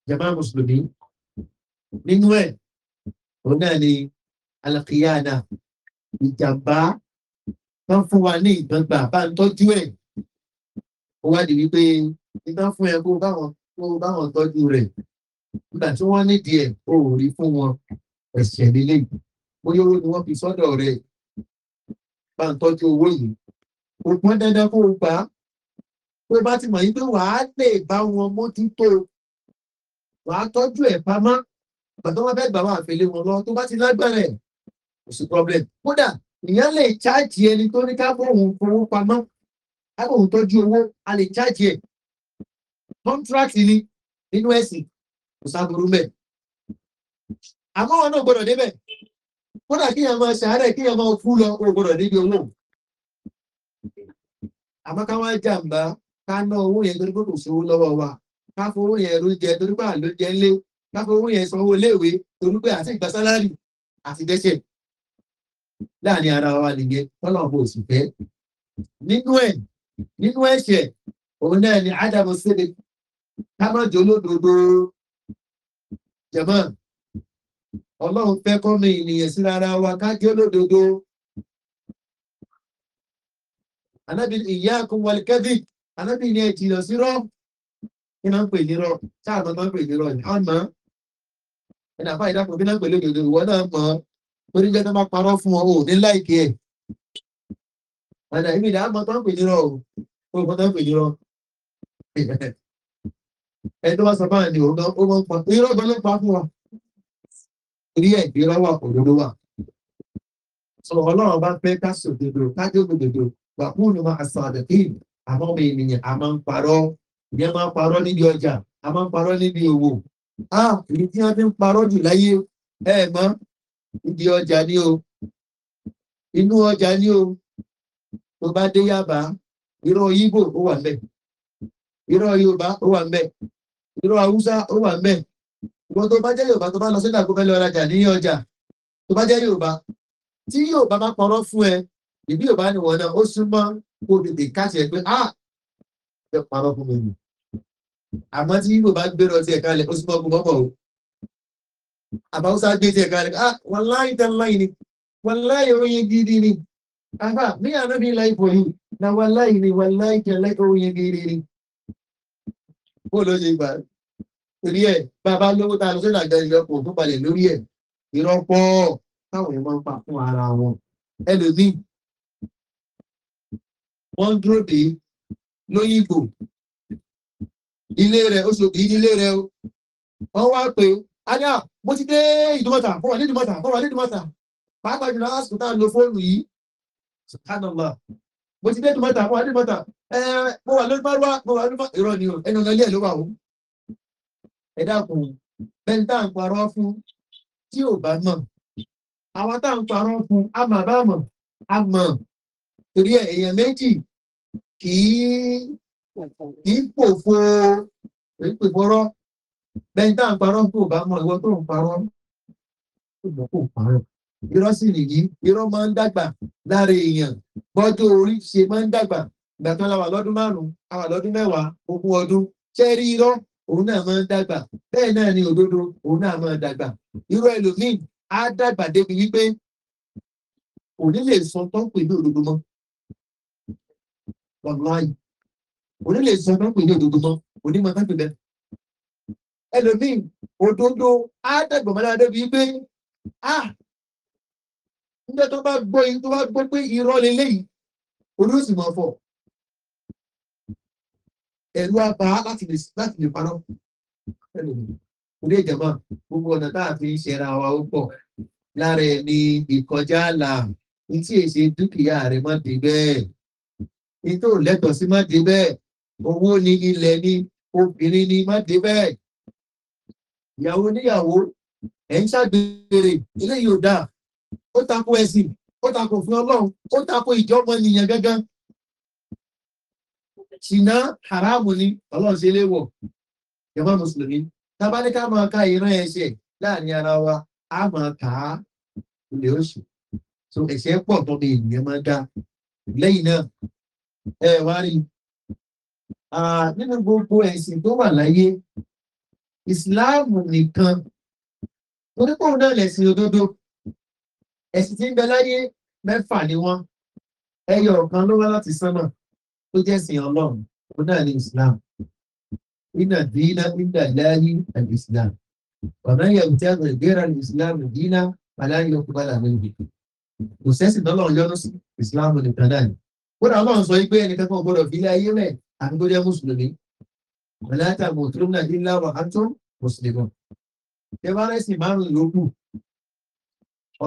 jama mùsùlùmí nínú ẹ̀ òun náà ni alàkìyàdà ìjàmbá bá fún wa ní ìgbàgbà bá ń tọ́jú ẹ̀ ó wá di wípé ìgbà fún ẹ kó báwọn tọ́jú rẹ̀ nígbà tí wọ́n nídìí ẹ̀ ó rí fún wọn ẹ̀ṣẹ̀ líle bóyá owó ni wọ́n fi sọ́dọ̀ rẹ̀ bá ń tọ́jú owó yìí kò pọ́n dandan kó o gbà á pé bá ti mọ̀ yí pé wàá lè bá wọn mójútó wàá tọ́jú ẹ̀ pamọ́ gbàtọ́ wọn fẹ́ gbà wá àfẹlé wọn lọ tó bá ti lágbára ẹ̀ kò sí problem kódà ìyẹn lè cháàjì ẹni tó ní káfóhùn fowó pamọ́ káfóhùn tọ́jú owó a lè cháàjì ẹ̀ contract ni nínú ẹ̀sìn kò sáburú mẹ́ àmọ́ wọn náà gbọ́dọ̀ débẹ̀ kódà kí yẹn máa ṣàárẹ̀ kí yẹn máa fú lọ kó gbọ́dọ̀ débi owó àmọ́ káwọn jàǹbá ká ná owó yẹn torí pé kò sówó lọ́wọ́ wa ká fowó yẹn ló jẹ torí pé àló jẹ ńlé ká fowó yẹn sanwó léèwé torí pé àti ìgbà sálárì àti dẹ́sẹ̀ láàrin ara wa nìyẹn tọ́lọ́run bó sì fẹ́ nínú ẹ̀ nínú ẹ̀ṣẹ̀ òun náà ni ádámù sílẹ̀ kámọ́jọ olódodo jẹ̀mọ́ ọlọ́run fẹ́ kọ́mi ènìyàn sí ara wa kájọ́ olódodo anábì ìyá kún wọlé kẹ́fì anábì ní ẹ̀jì lọ sí rọ́ kí náà ń pè ní rọ́ sáà náà ń pè ní rọ́ ni ọ̀nà ẹ̀nà àfáà ìdápò bí náà ń pè lódodo ìwọ náà mọ̀ ọ́ torí jẹ́ tó bá parọ́ fún ọ ò ní láìkí ẹ̀ ọ̀nà ìmì ìdá àmọ́ tó ń pè nírọ̀ o ó mọ́ tó ń pè nírọ̀ ẹni tó wá sọ báyìí ó mọ́ ó mọ́ pa irọ́ gan ló pa fún wa orí ẹ̀ ìrọ́ wà òdodo wà sọ ọlọ́run bá fẹ́ ká sọ òdodo ká dé òdodo wà fún ìlú máa sọ àdàkì àmọ́ ọmọ ènìyàn a máa ń parọ́ ìyẹn máa ń parọ́ níbi ọjà a máa ń parọ́ níbi òwò ah ìdí tí wọ́n fi ń parọ́ jù láyé ẹ̀ mọ́ ìdí ọjà ní o inú ọjà ní o tó bá dé yábà irọ́ yíbò ó wà mẹ́ irọ́ yorùbá ó wà mẹ́ irọ́ haúsá ó wà mẹ́ ìwọ́n tó bá jẹ́ yorùbá tó bá lọ sílẹ̀ àgbẹ̀fẹ́ lọ ní ọjà tó bá jẹ́ yorùbá tí yorùbá bá pọ̀rọ̀ fún ẹ ìbí yorùbá ni wọ́n náà ó súnmọ́ kó tètè káṣí ẹ pé á ẹ pọ̀rọ̀ fún mi àmọ́ tí yorùbá gbérò ti ẹ̀ka lẹ̀ ó súnmọ́ kó mọ́mọ́ o àbáwúsá gbé tí ẹ̀ka rẹ̀ ah wọ́n láì tẹ́ láì ni wọ́n láì oyin gidi ni àbá ní ànábì láì pọ̀ yìí na wọ́n láì ni wọ́n láì tẹ́ láì oyin gidi ni. bó ló ṣe gbà torí ẹ bàbá lówó ta ló ṣe làgbà ìrọ́pọ̀ tó balẹ̀ lórí ẹ̀ ìrọ́pọ̀ táwọn èèyàn máa ń pa fún ara wọn ẹlòmíì wọ́n dúró dé lóyìnbó ilé rẹ̀ oṣù kìí ilé rẹ̀ o wá pé ádá mo ti dé ìdúmọ̀tà mo wà ní ìdúmọ̀tà mo wà ní ìdúmọ̀tà pàápàá jùlọ àsìkò tá a lo fóònù yìí sàkánàlá mo ti dé ìdúmọ̀tà mo wà ní ìdúmọ̀tà mo wà lórí márùwá mo wà lórí ìrọ̀ ni o ẹnu ọ̀nà ilé ẹ̀ ló wà o ẹ dákun bẹ́ẹ̀ tá à ń parọ́ fún tí ò bá mọ̀ àwọn tá à ń parọ́ fún a mà bá mọ̀ a mọ̀ torí èèyàn méjì kì í pòfo kì í pèfọ́rọ́ bẹ́ẹ̀ tá à ń parọ́ kó o bá mọ ìwọ tó ń parọ́ tó mọ̀ kó o parọ́ irọ́ sì nìyí irọ́ máa ń dàgbà lára èèyàn bọ́jọ́ orí ṣe máa ń dàgbà ìgbà kan lọ́dún márùn-ún a lọ́dún mẹ́wàá ogún ọdún ṣé irọ́ òun náà máa ń dàgbà bẹ́ẹ̀ náà ni òdodo òun náà máa ń dàgbà irọ́ ẹlòmíì á dàgbà débi wípé kò ní lè sọ tó ń pè ní òdodo mọ́ ọ̀nà ààyè kò ní lè sọ tó ń pè ní òdodo mọ́ onímọ̀ tó ń pè bẹ́ẹ̀ ẹlòmíì òdodo á dàgbọ̀mọ́ dáadáa bíi pé a nígbà tó bá gbọ́ yìí tó bá gbọ́ pé irọ́ leléyìí olóòsì mọ̀ fọ̀ ẹ̀rú àbá láti lè parọ́ ẹlòmíì ilé ìjọba gbogbo ọ̀nà tá a fi ń ṣẹra wa ó pọ̀ lára ẹ̀ ní ìkọjá àlà tí èsì dúkìá rẹ̀ má dé bẹ́ẹ̀ ètò lẹ́tọ̀ọ́ sí má dé bẹ́ẹ̀ owó ní ilẹ̀ ní obìnrin ní má dé bẹ́ẹ̀ ìyàwó oníyàwó ẹ̀yìn ṣàgbére eléyìí ò dáa ó tako ẹ̀sìn ó tako òfin ọlọ́run ó tako ìjọba ènìyàn gángan ṣìnà haramu ni ọlọ́run ṣe léwọ̀ ìjọba mùsùlùmí tábánikà máa ka ìran ẹ̀ṣẹ̀ láàrin ara wa a máa kà á lè oṣù so ẹ̀ṣẹ̀ pọ̀ tó ní ènìyàn máa dá lẹ́yìn náà ẹ wá rí nínú gbogbo ẹ̀sìn tó wà láyé ìsìláàmù nìkan torí pòun náà lẹ̀sìn òdodo ẹ̀sìn tí ń bẹ láyé mẹ́fà ni wọ́n ẹyọ ọ̀kan ló wá láti sánmà tó jẹ́ sìn ọlọ́run òun náà ní ìsìláàmù iná dínà nígbà láyé àti ìsìláàmù ọ̀nà yẹn tí a lè gbéra ní ìsìláàmù dínà aláyọ̀ kó bá làwọn ìdìbò kò sẹ́sìn náà lọ́run ìsìláàmù nìkan náà ni kódà ọlọ́run sọ wípé ẹnìkan kan gbọ́dọ̀ fi ilé ayé rẹ̀ àti gbọ́dọ̀ mùsùlùmí mọ̀láta mọ̀túrúnà ilá wà anton muslimun tẹbárẹ́sì márùn yòókù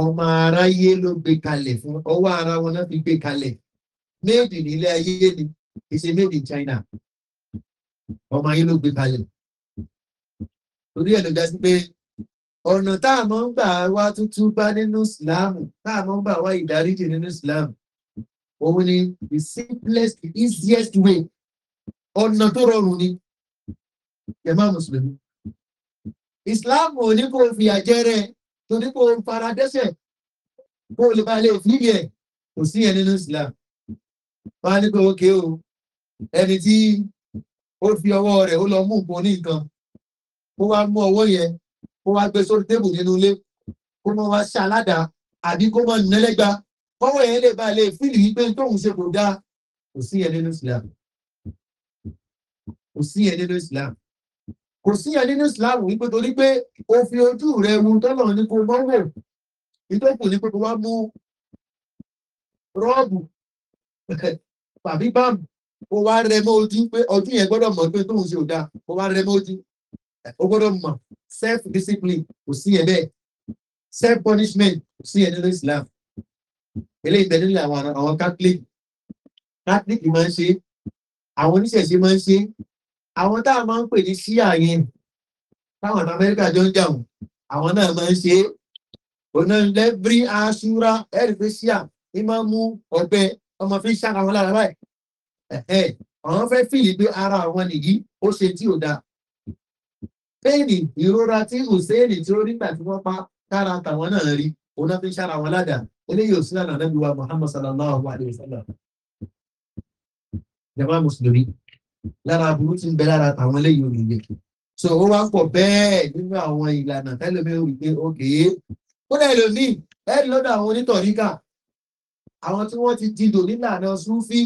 ọmọ ara yé ló gbé kalẹ̀ fún ọwọ́ ara wọn náà fi gbé kalẹ̀ méjì nílé ayé ni ìṣe méjì china ọmọ ayé ló gbé kalẹ̀ torí ẹ̀ ló dá sí pé ọ̀nà tá a mọ́ ń gbà wá tuntun bá nínú ìsìláàmù tá a mọ́ ń gbà wá ìdáríjì nínú ìsìláàmù òun ni the simplest the easiest way ọ̀nà tó rọrùn ni ẹ má mùsùlùmí islam ò ní kó fi àjẹrẹ torí kó fara dẹ́sẹ̀ kó lè bá lè fi yẹ kò sí yẹn nínú islam wọn á ní kó ókè o ẹni tí ó fi ọwọ́ rẹ̀ ó lọ mú nǹkan ní nǹkan kó wá mú ọwọ́ yẹn kó wá gbé sórí tébù nínú ilé kó mọ wá ṣàládàá àbí kó mọ nílẹ́gbàá kọ́wọ́ yẹn lè bá lè fílì wípé tóun ṣe kò dáa kò sí yẹn nínú islam kò sí yẹn nínú islam kò sí ẹni ní islam wípé torí pé o fi ojú rẹ wo tọ́lọ̀ ní kó mọ́ wò ìtòkù ní pé kó wá mú rọ́ọ̀bù tàbí báàmù ó wá rẹ mọ́ ojú pé ọdún yẹn gbọ́dọ̀ mọ̀ pé tóun ṣe ò dáa wá rẹ mọ́ ojú ó gbọ́dọ̀ mọ̀ self discipline kò sí ẹ̀ bẹ́ẹ̀ self punishment kò sí ẹ̀ nínú islam eléyìí tẹ̀lé ní àwọn catholic catholic máa ń ṣe àwọn oníṣẹ̀ṣe máa ń ṣe àwọn táà máa ń pè ní sí àyè táwọn amẹ́ríkà jọ ń jàun àwọn náà máa ń ṣe é ọ̀nà lẹ́bírí aṣúra ẹ̀rìfẹ́ṣíà ní máa mú ọ̀bẹ ọmọ fi ń ṣára wọn lára báyìí ẹ̀ẹ́ àwọn fẹ́ fìlì pé ara àwọn nìyí ó ṣe tí ò da bẹ́ẹ̀ni ìrora tí hùsẹ́ẹ̀nì tí ó nígbà tí wọ́n pa tára tàwọn náà rí ọ̀nà fi ń ṣára wọn ládàá eléyìí ò sí lánàá lẹ́bi muhammad sallallahu alayhi wa sallam jama lára aburú ti ń bẹ lára àwọn eléyìí ò ní yẹ kí so ó wá ń pọ̀ bẹ́ẹ̀ nínú àwọn ìlànà tẹ́lẹ̀mí ò rí pé ókè ó dẹ̀ lòmíì ẹ̀rí lọ́dọ̀ àwọn onítọ̀ríkà àwọn tí wọ́n ti dìdò nílànà súnfí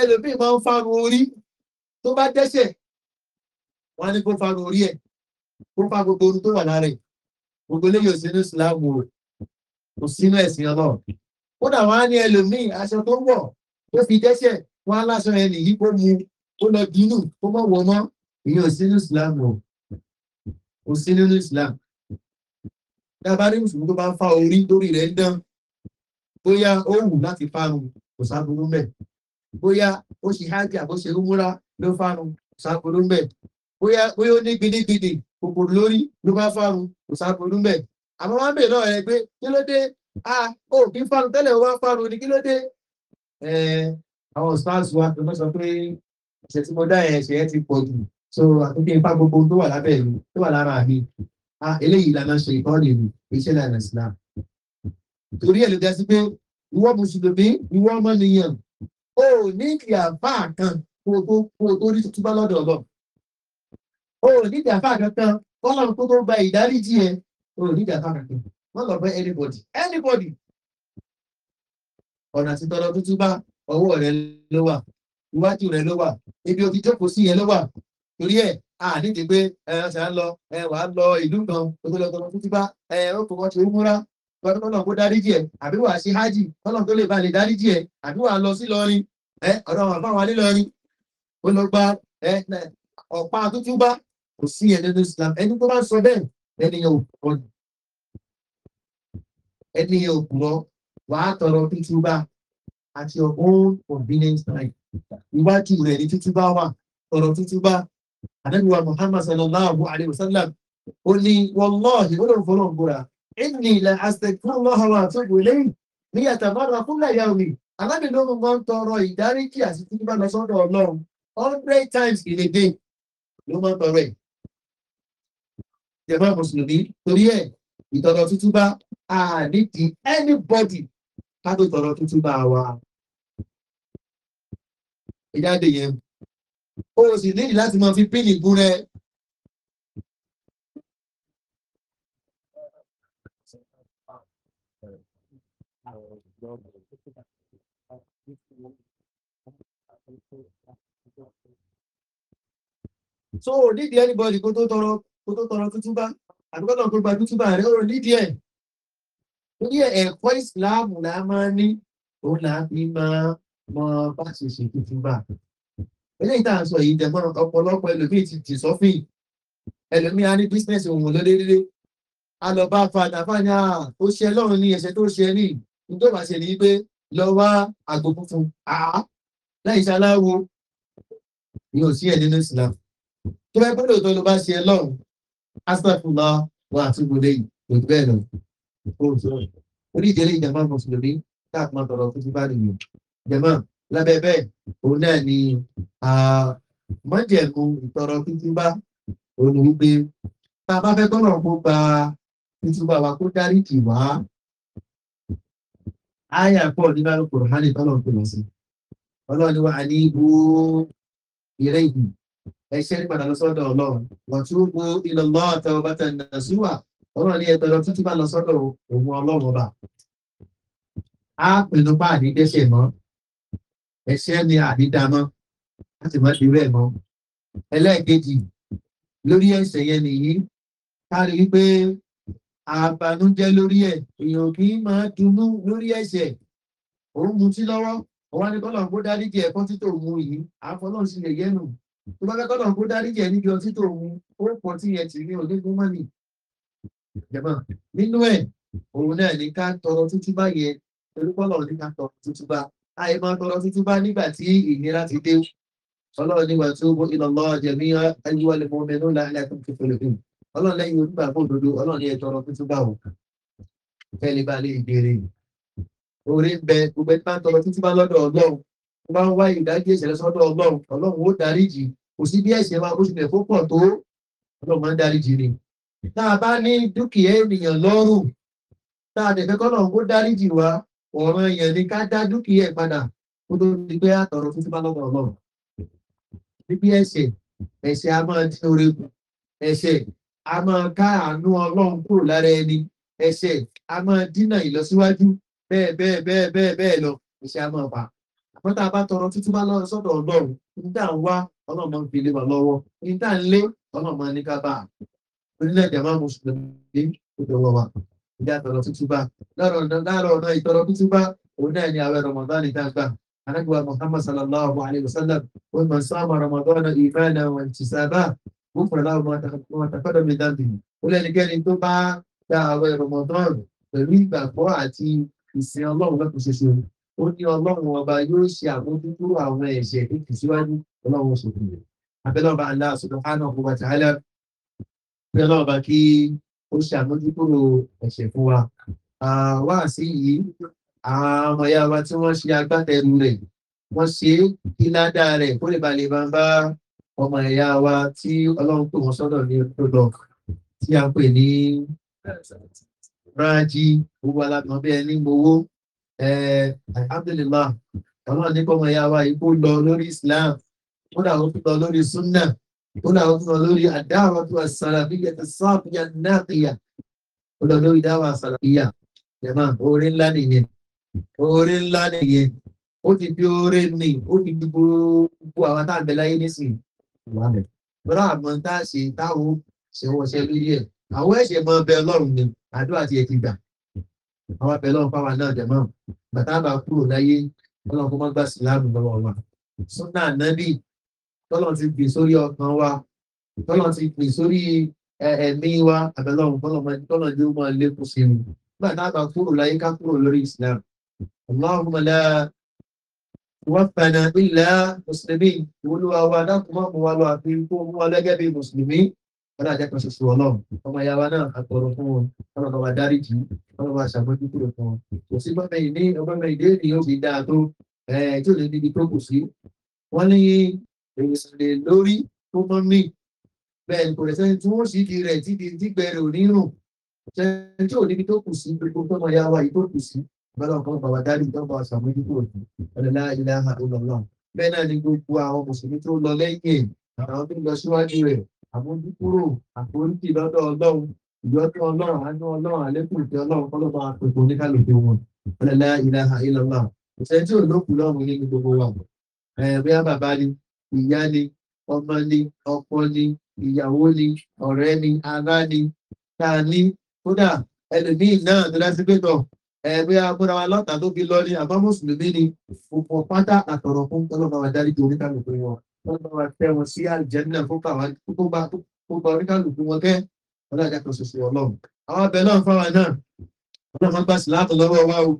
ẹlòmíì máa ń fánu orí tó bá dẹ́sẹ̀ wọ́n ní kó fánu orí ẹ̀ kó fa gbogbo orun tó wà lára ẹ̀ gbogbo eléyìí ò sínú ìsìláàmù o kò sínú ẹ̀sìn ọlọ́run kódà wọ́n á ní ẹlòmíì aṣọ tó wọ̀ tó fi dẹ́sẹ̀ wá lásán ẹni yìí kó mu ó lọ bínú kó mọ̀ wọ̀ mọ́ ìyẹn ò sínú islam o ò sínú islam dábàá ní mùsùlùmí tó bá ń fa orí lórí rẹ̀ ń dán bóyá ó wù láti fárun kò sáburú mẹ́ bóyá ó ṣe hájà bó ṣe rúmúra ló fárun kò sáburú mẹ́ bóyá bóyá ó ní gidigidi kòkòrò lórí ló bá fárun kò sáburú mẹ́ àmọ́ wọ́n bèèrè náà rẹ̀ pé kí ló dé a ò kí fárun tẹ́lẹ̀ wọ́n fárun ni kí ló dé àwọn stars wa tó sọ pé ẹ̀ṣẹ̀ tí mo dá ẹ̀ṣẹ̀ ẹ ti pọ̀ jù so àtúndé ipá gbogbo tó wà lábẹ́ ìlú tó wà lára mi eléyìí lànà ṣe ìkọ́ni ìlú iṣẹ́ lànà islam torí ẹ̀ ló dá sí pé ìwọ́ mùsùlùmí ìwọ́ ọmọnìyàn ó ní kí àbá kan kó o tó rí tuntun bá lọ́dọ̀ ọlọ́ ó ní kí àbá kankan kọ́lọ̀ kó tó gba ìdáríjì ẹ ó ní kí àbá kankan wọ́n lọ bẹ́ anybody anybody ọ̀nà àti tọ́lọ́ tuntun bá ọwọ́ rẹ ló wà iwájú rẹ ló wà ibi òfin jókòó sí yẹn ló wà torí ẹ àdídì pé ẹ ṣe ń lọ ẹ wà á lọ ìlú kan ọgbọlọgbọlọ títí bá ẹ ó kò wọ́n ti ń múra tọ́lọ́nà kó dáríjì ẹ àbí wàá ṣe hájì tọ́lọ́nà tó lè ba lè dáríjì ẹ àbí wàá lọ sí lọrin ẹ ọ̀dọ̀ àwọn àbáwọn alílọrin ó lọ gba ọ̀pá tútú bá kò sí ẹ nínú islam ẹni tó bá sọ bẹ́ẹ̀ ẹni yẹn ò pọ̀ ẹni yẹn ò pọ̀ wàá tọrọ tútú bá at your own convenience, time. Iwájú rẹ̀ ní títí bá wà, ọ̀rọ̀ títí bá. Àdẹ́gbẹ̀wà Muhammad sallallahu alayhi wa sallam, ó ní wọ́lọ́ọ̀hì ó lọ́rùn fọ́lọ́run gbọ́ra. Ẹni ilẹ̀ àṣẹ̀kúnlọ́hàwà tó gbò lẹ́yìn ní àtàmọ́ra fúnlẹ̀ ìyá omi. Alábì ló mọ̀ ń tọrọ ìdáríjì àti títí bá lọ sọ́dọ̀ Ọlọ́run. Hundred times in a day ló mọ̀ ń tọrọ ẹ̀. Ìjọba Mùsùlùmí torí ẹ̀ ìtọ̀rọ̀ tútú bá àníjì anybody káàkiri tọrọ tuntun bá wa ìjáde yẹn ó sì níyì láti máa fi pín ìgún rẹ so nídìí anybody kó tó tọrọ kó tó tọrọ tútúbá àdúgbò náà kó gba tútúbá rẹ ó nídìí ẹ Ní ẹ̀kọ́ ìsìláàmù la máa ní, òun là fi máa mọ bá ṣe ṣe tuntun bá. Ilé ìta àṣọ yìí jẹ́ mọ́ràn ọ̀pọ̀lọpọ̀ ẹlòmíì ti tì sọ́fìn. Ẹlòmíì á ní bísínẹ́sì òun ló dédé. A lọ bá fàdà fàdà, ó ṣe lọ́run ní ẹsẹ̀ tó ṣe ní. Ìjọba ṣe ní pé lọ wá àgbo funfun. Àá láì ṣaláwo ni ò sí ẹ̀ nínú ìsìláàmù. Tó bá gbọ́dọ̀ tó ló bá ṣe lọ́run, Asàfùlà wà àtúgbò lẹ́yìn, kò bẹ́ẹ̀ lọ orí ìdílé ìjàmbá mùsùlùmí táàpù máa tọrọ fún ti bá nìyẹn ìjàmbá lábẹ́ bẹ́ẹ̀ òun náà ni mọ́jẹ̀mú ìtọrọ títúbá òun wípé tá a bá fẹ́ tọ́nà kó gba títúbá wa kó dáríjì wá áyà pọ̀ ní lárúkọ hánì tọ́nà kó lọ sí ọlọ́run wa ní ibú ìrẹ́ ìlú ẹ̀ṣẹ́ nígbàdàn lọ́sọ́dọ̀ ọlọ́run wọ́n tún bú ilẹ̀ lọ́ọ̀tọ̀ bàtà nàṣúwà ọlọ́run ní ẹgbẹ̀rún títí bá lọ sọ́dọ̀ òun ọlọ́run ọba á pinnu bá àdídẹ́sẹ̀ mọ́ ẹ̀ṣẹ́ ni àdídá mọ́ láti mọ́ ṣe rẹ̀ mọ́ ẹlẹ́ẹ̀kejì lórí ẹ̀ṣẹ̀ yẹn nìyí kárí wípé àbànújẹ́ lórí ẹ̀ èèyàn kì í máa dunú lórí ẹ̀ṣẹ̀ òun mutí lọ́wọ́ ọwọ́ ní kọ́lọ̀ kó dáríjì ẹ̀kọ́ títò mu yìí àfọlọ́n sì lè yẹnu tó bá fẹ́ kọ́lọ̀ kó dáríjì ẹ̀ níbi ọtí tó mu ó pọ̀ tí ẹ̀ tì ní onígun mọ́nì ìjẹ́mọ̀ nínú ẹ̀ òun náà ní ká tọrọ tútú bá yẹ orúkọ́lọ̀ ní ká tọrọ tútú bá àyè máa tọrọ tútú bá nígbà tí ìnira ti dé ọlọ́run nígbà tí ó bó iná lọ́ jẹ̀mí ayúwá lè mọ omi ẹnu láàrin àti òkè fẹlẹ̀ fún ọlọ́run lẹ́yìn onígbà fún òdodo ọlọ́run ní ẹ tọrọ tútú bá òun ìfẹ́ lè bá lè gbére orí ń bẹ gbogbo ẹni máa tọrọ tútú bá lọ́dọ̀ ọlọ́run ó máa ń wá ìdájí ìṣẹ̀lẹ̀ sọ́dọ̀ ọlọ́run ọlọ́run ó dáríjì kò sí bí ẹ̀ṣẹ̀ máa ó ṣe lè fó pọ̀ tó ọlọ́run máa ń dáríjì ni tá a bá ní dúkìá ènìyàn lọ́rùn tá a dẹ̀ fẹ́ kọ́ lọ́run kó dáríjì wá ọ̀ràn èèyàn ni ká dá dúkìá ẹ̀ padà kó tó di pé àtọ̀rọ̀ fún síbá lọ́wọ́ ọlọ́run níbi ẹ̀ṣẹ̀ ẹ̀ṣẹ̀ a máa dín orí kù ẹ̀ṣẹ̀ a máa ká àánú ọlọ́run kúrò lára ẹni ẹ̀ṣẹ̀ a máa dínà ìlọsíwájú bẹ́ẹ̀ bẹ́ẹ̀ bẹ́ẹ̀ bẹ́ẹ̀ bẹ́ẹ̀ lọ ẹ̀ṣẹ̀ a máa pa àpótá a bá tọrọ títí bá lọ sọ́dọ̀ ọlọ́run níta ń wá ọlọ́run máa ń fi lé wa lọ́wọ́ níta ń lé ọlọ́run máa ń ní ká bá a orílẹ̀-èdè máa mùsùlùmí òjò wọ̀wà ìyá àtọ̀rọ̀ tuntun bá láàrọ̀ ọ̀nà ìtọ̀rọ̀ tuntun bá òun náà ni àwẹ̀ rọmọdánì dáadáa anábíwá muhammad sallallahu alayhi wa sallam ó mọ̀ sọ́ọ̀mọ̀ rọmọdánì ìbáná wọn ti sábà gúfúrọ̀lá wọn tàkọ́dọ̀ mi dábì ó lẹ́nikẹ́ni tó bá gba àwẹ̀ rọmọdánì pẹ̀lú ìgbàgbọ́ àti ìsìn ọlọ́run lọ́kùn ṣoṣo ó ní ọlọ́run ọba yóò ṣe àmójútó àwọn ẹ̀ṣẹ̀ tó kù síwájú ọlọ́run ṣòkùnrin àbẹ́lọ́ba aláàṣọ bẹ́ẹ̀ ọba kí ó ṣe àmójúkúrò ẹ̀ṣẹ̀ fún wa wá sí yìí àwọn ọmọ ìyá wa tí wọ́n ṣe agbátẹrù rẹ̀ wọ́n ṣe kí ládàá rẹ̀ kó lè balẹ̀ máa bá ọmọ ìyá wa tí ọlọ́run pè wọ́n sọ́dọ̀ ní ọdọ̀ tí a pè ní rájí gbogbo alágbọ̀n bí ẹni gbowó alhamdulilah ọlọ́run ní kọ́mọ ìyá wa ikú lọ lórí islam kódà ó tún lọ lórí sunnah. Ìkúnlẹ̀ àwọn fún olórí àdáwà tó àsàlàbíyà tó sáàbíyà náà kìyà. Olórí dáwà àsàlàbíyà. Jẹ̀má, orí ńlá nìyẹn. Orí ńlá nìyẹn. Ó ni, ó ti di gbogbo àwọn tá a bẹ̀ láyé nísìnyí. Bọ́lá àmọ́ tá a ṣe táwọn ṣe wọ́n ni, Adua ti ẹ̀ ti gbà. Àwọn abẹ ọlọ́run fáwọn náà jẹ̀má. Bàtà bá kúrò láyé, ọlọ́run kó Sunnah Nabi tọ́lọ̀ ti gbè sórí ọkàn wa tọ́lọ̀ ti gbè sórí ẹ̀mí wa àbẹ̀lọ́run tọ́lọ̀ ní ó máa lékún sí mi nígbà náà bá kúrò láyé ká kúrò lórí islam allahumma la wafana illa muslimi olúwa wa dákùnmọ́ mu wa lọ àfi kó mú wa lẹ́gẹ́ bí muslimi wọ́n dájẹ́ kan ṣoṣo ọlọ́run ọmọ ìyá wa náà àtọ̀rọ̀ fún wọn wọn lọ́wọ́ dárí jù wọn lọ́wọ́ àṣàmójú kúrò fún wọn kò sí bọ́mọ ìdí ọgbọ́mọ ìdí ènìyàn òbí dáa tó tí ò lè níbi tó kù sí wọ́n ní ìrìnsàlẹ̀ lórí tó mọ́ ní bẹ́ẹ̀ kò rẹ̀ sẹ́ni tí wọ́n sì di rẹ̀ títí dígbẹ̀rẹ̀ onírùn sẹ́ni tí ò níbi tó kù sí gbogbo tọ́mọ ya wa yìí tó kù sí bọ́lá ọ̀kan bàbá dálì tó bá ṣàmójútó òtún ọ̀lẹ́lá ilá àdúgbò bẹ́ẹ̀ náà ni gbogbo àwọn mùsùlùmí tó lọ lẹ́yìn ẹ̀ àwọn tó lọ síwájú rẹ̀ àmójúkúrò àforíjì lọ́dọ̀ ọlọ́run ìyọ́tọ̀ ọlọ́run àánú ọlọ́run àlékún ìfẹ́ ọlọ́run kọ́lọ́ba àpèkò oníkàlùkù wọn ọ̀lẹ́lá ilá àìlọ́lá ìṣẹ́jú òlókùn lọ́run nínú gbogbo wa ẹ̀ bóyá bàbá ni ìyá ni ọmọ ni ọkọ ni ìyàwó ni ọ̀rẹ́ ni ará ni tá a ní kódà ẹlòmíì náà tó dá sí pé tọ̀ ẹgbẹ́ agbóra wa lọ́ta tó fi lọ ní àbá ni òpò pátá àtọ̀rọ̀ fún ọlọ́ba wa dárí ju oníkàlùkù wọn ọlọ́ba wa tẹ́ wọn sí àlìjẹ́nà fún bàwá tó bá oníkàlùkù wọn kẹ́ ọlọ́jà kan ṣoṣo ọlọ́run àwọn abẹ náà fáwọn náà ọlọ́run gbà sí láàtọ̀ lọ́wọ́ wa o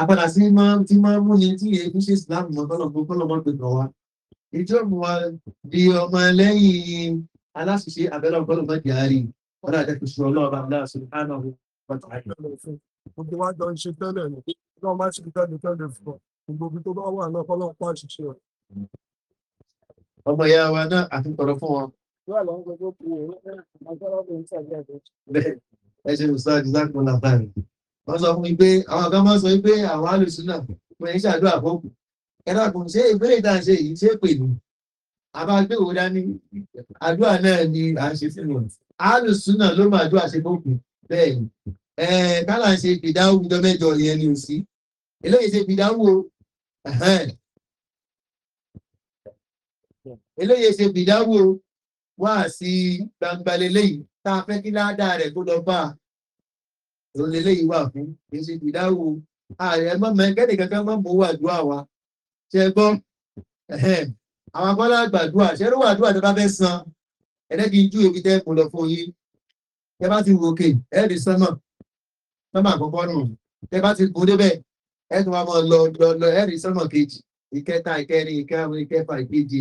àpàdà sí máa ń mú tí èyí ṣe sí láàmú mọ́ tọ́lọ̀ ìjọba wa di ọmọ lẹ́yìn aláṣìṣe abẹ́rẹ́ ọgọ́rùn mọ́ diari wọ́n dàjẹ́ kò sùn ọlọ́ọ̀bá aláṣẹ àná bàtà àyè. gbogbo wa jọ ń ṣe tẹ́lẹ̀ ní wọ́n máa ń ṣe tẹ́lẹ̀ tẹ́lẹ̀ fún ọ gbogbo tó bá wà náà kọ́lọ́ pa àṣìṣe rẹ̀. ọmọ ìyá wa náà àti tọrọ fún wọn. ẹ ṣe ìṣá ìṣàkùnrin àtàrí wọ́n sọ fún mi pé àwọn kan máa ń sọ pé àwọn alùsùn náà pé ń ṣàdúrà fọ́ọ̀kù ẹ̀rọ kò ṣe ìbéèrè tá à ń ṣe yìí ṣe pè ní àbá dání àdúrà náà ni à ń ṣe sínú àlùsùn náà ló máa dúà ṣe bókun bẹ́ẹ̀ ni kálá ń ṣe fìdáwù jọ mẹ́jọ yẹn ni ò sí eléyìí ṣe fìdáwù o eléyìí ṣe fìdáwù o wá sí gbangba leléyìí tá a fẹ́ kí ládàá rẹ̀ kó lọ bá a òun leléyìí wà fún kì í ṣe fìdáwù ààrẹ mọ́mọ́ kẹ́nìkankan mọ́ mọ́ wà dúà wa ṣe gbọ́ àwọn akọ́lá gbàdúrà ṣẹ́rú wàdúrà tó bá fẹ́ san ẹ̀rẹ́ kí n jú ibi tẹ́ mo lọ fún yín tẹ bá ti wòkè ẹ̀rì sánmà sánmà àkọ́kọ́ nù tẹ bá ti gùn débẹ̀ ẹ̀tùn wa mọ̀ lọ lọ lọ sánmà kejì ìkẹta ìkẹrin ìkẹfà ìkejì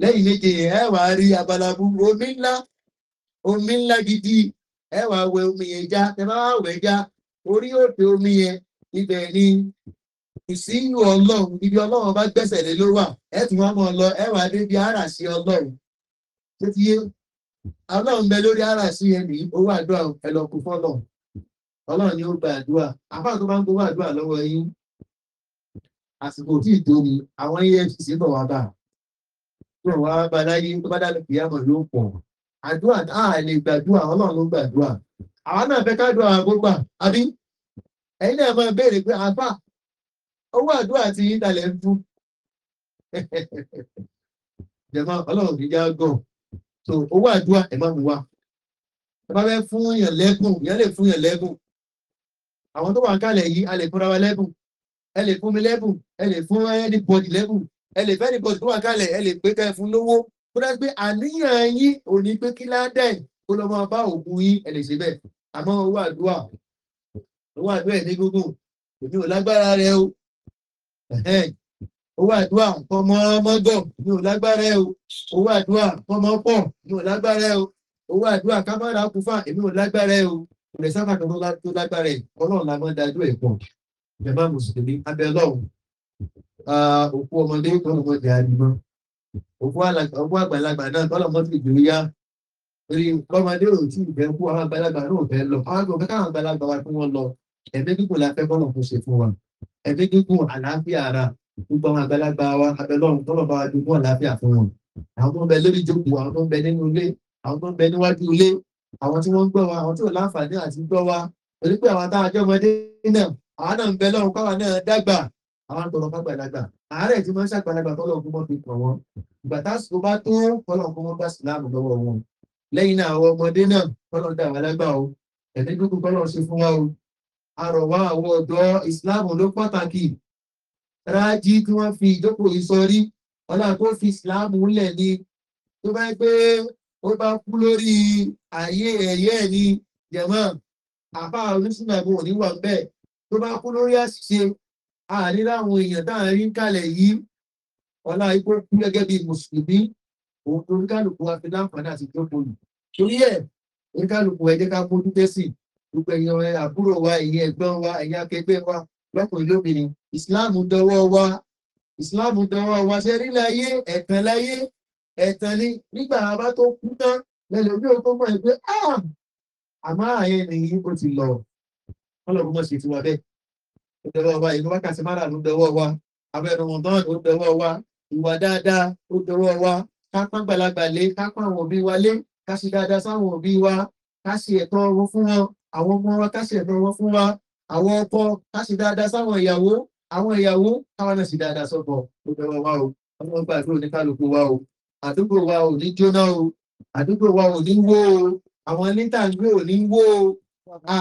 lẹ́yìn méje ẹ rí abalabu omi ńlá gidi ẹ wà á wẹ omi yẹn já tẹ bá wà já orí òkè omi yẹn ibẹ̀ ni sínú ọlọ́run níbi ọlọ́run bá gbẹ̀sẹ̀ lé ló wà ẹ tún wá lọ Ẹwà ara sí ọlọ́run tó ti yé ọlọ́run bẹ lórí ara sí ẹni owó àdúrà ẹ fọ́lọ̀ ọlọ́run ni ó gba àdúrà àbá tó bá ń gbowó àdúrà lọ́wọ́ àsìkò tí ì àwọn efcc bọ̀ wá bá bọ̀ wá bá láyé tó bá dálé lè gbàdúrà ọlọ́run ló gbàdúrà owó àdúrà ti ìdàlẹ̀ ń fún jẹ̀mọ́ ọlọ́run kì já gàn so owó àdúrà ẹ̀ máa ń wá ẹ bá fẹ́ fún yàn lẹ́gùn yàn lè fún yàn lẹ́gùn àwọn tó wà kálẹ̀ yìí a lè fúnra wa lẹ́gùn ẹ lè fún mi lẹ́gùn ẹ lè fún anybody lẹ́gùn ẹ lè fẹ́ anybody tó wà kálẹ̀ ẹ lè gbé kẹ́ fún lówó kó dájú pé àníyàn yín ò pé kí ládẹ́ kó lọ́ máa bá òkú yín ẹ lè ṣe bẹ́ẹ̀ àmọ́ owó àdúrà owó àdúrà ẹ̀ ní gúngùn èmi ò lágbára rẹ o owó àdúrà nǹkan mọ́ mọ́gọ̀ ní ò lágbára o owó àdúrà nǹkan mọ́ pọ̀ ní ò lágbára o owó àdúrà kámọ́ra kú fún èmi ò lágbára o ìrẹ̀ sábà kan tó lágbára ẹ ọlọ́run la mọ́ dájú ẹ̀ pọ̀ ìjọba mùsùlùmí abẹ́ ọlọ́run òkú ọmọdé kọ́lọ́mọdé àdìmọ́ òkú àgbàlagbà náà kọ́lọ́mọdé ìgbéyà torí lọ́mọdé ò tí ìfẹ́ kú àwọn àgbàlagbà náà fẹ́ lọ àwọn àgbàlagbà wa fún wọn lọ ẹ̀mí kíkùn la fẹ́ kọ́lọ́ fún ṣe fún wa ẹ̀fẹ́ gígùn àlàáfíà ara gbogbo àwọn àgbàlagbà wa abẹ́lọ́run tọ́lọ̀ bá wa jogún àlàáfíà fún wọn àwọn tó ń bẹ lórí ìjókòó àwọn tó ń bẹ nínú ilé àwọn tó ń bẹ níwájú ilé àwọn tí wọ́n ń gbọ́ wa àwọn tí ò láǹfààní àti gbọ́ wa torí pé àwọn táwọn ajọ́ ọmọdé náà àwọn náà ń bẹ lọ́run káwa náà dàgbà àwọn àtọ̀rọ̀ fàgbàlagbà àárẹ̀ tí wọ́n ń ṣàgbàlagbà tọ́lọ̀ ogun fi kàn wọ́n ìgbà àrọ̀wá àwọn ọ̀dọ́ ìsìláàmù ló pàtàkì rájí tí wọ́n fi ìjókòó ìsọrí ọlá tó fi ìsìláàmù lẹ̀ ni tó bá pé ó bá kú lórí ayé ẹ̀yẹ́ ni jẹ̀mọ́ àbá oníṣúná ìbò ò ní wà bẹ́ẹ̀ tó bá kú lórí àṣìṣe àárín láwọn èèyàn tá à ń rí kalẹ̀ yìí ọlá ipò kú gẹ́gẹ́ bí mùsùlùmí òun tó ń kálukú afi láǹfààní àti ìjókòó yìí torí ẹ̀ oníkálukú ẹ jẹ́ ká mójútẹ́sìn gbogbo ẹ̀yàn àbúrò wa ẹ̀yìn ẹ̀gbọ́n wa ẹ̀yìn akẹgbẹ́ wa lọ́kùnrin lóbìnrin islam dọwọ́ wa islam dọwọ́ wa ṣe rí láyé ẹ̀tàn láyé ẹ̀tàn ni nígbà bá tó kú tán lẹ́lẹ̀ ojú ọkọ̀ mọ̀ ẹgbẹ́ àmọ́ àyẹn nìyí ó ti lọ ọlọ́run mọ̀ sí ti wa bẹ́ẹ̀ ó dọwọ́ wa ìlú wákàtí mara ló dọwọ́ wa abẹ́rẹ́ wọn tán ó dọwọ́ wa ìwà dáadáa ó dọwọ́ wa ká pọ́n gbàlagbà lé ká pọ́n àwọn òbí wa lé ká ṣe dáadáa sáwọn òbí wa ká ṣe ẹ̀tọ́ ọrùn fún wọn àwọn ọmọ wa ká ṣe ẹ̀tọ́ wọn fún wa àwọn ọkọ ká ṣe dáadáa sáwọn ìyàwó àwọn ìyàwó káwọn náà ṣe dáadáa sọ́kọ gbogbo wa o ọmọ gbà tó ní kálukú wa o àdúgbò wa ò ní jóná o àdúgbò wa ò ní wó o àwọn nítàgbé ò ní wó o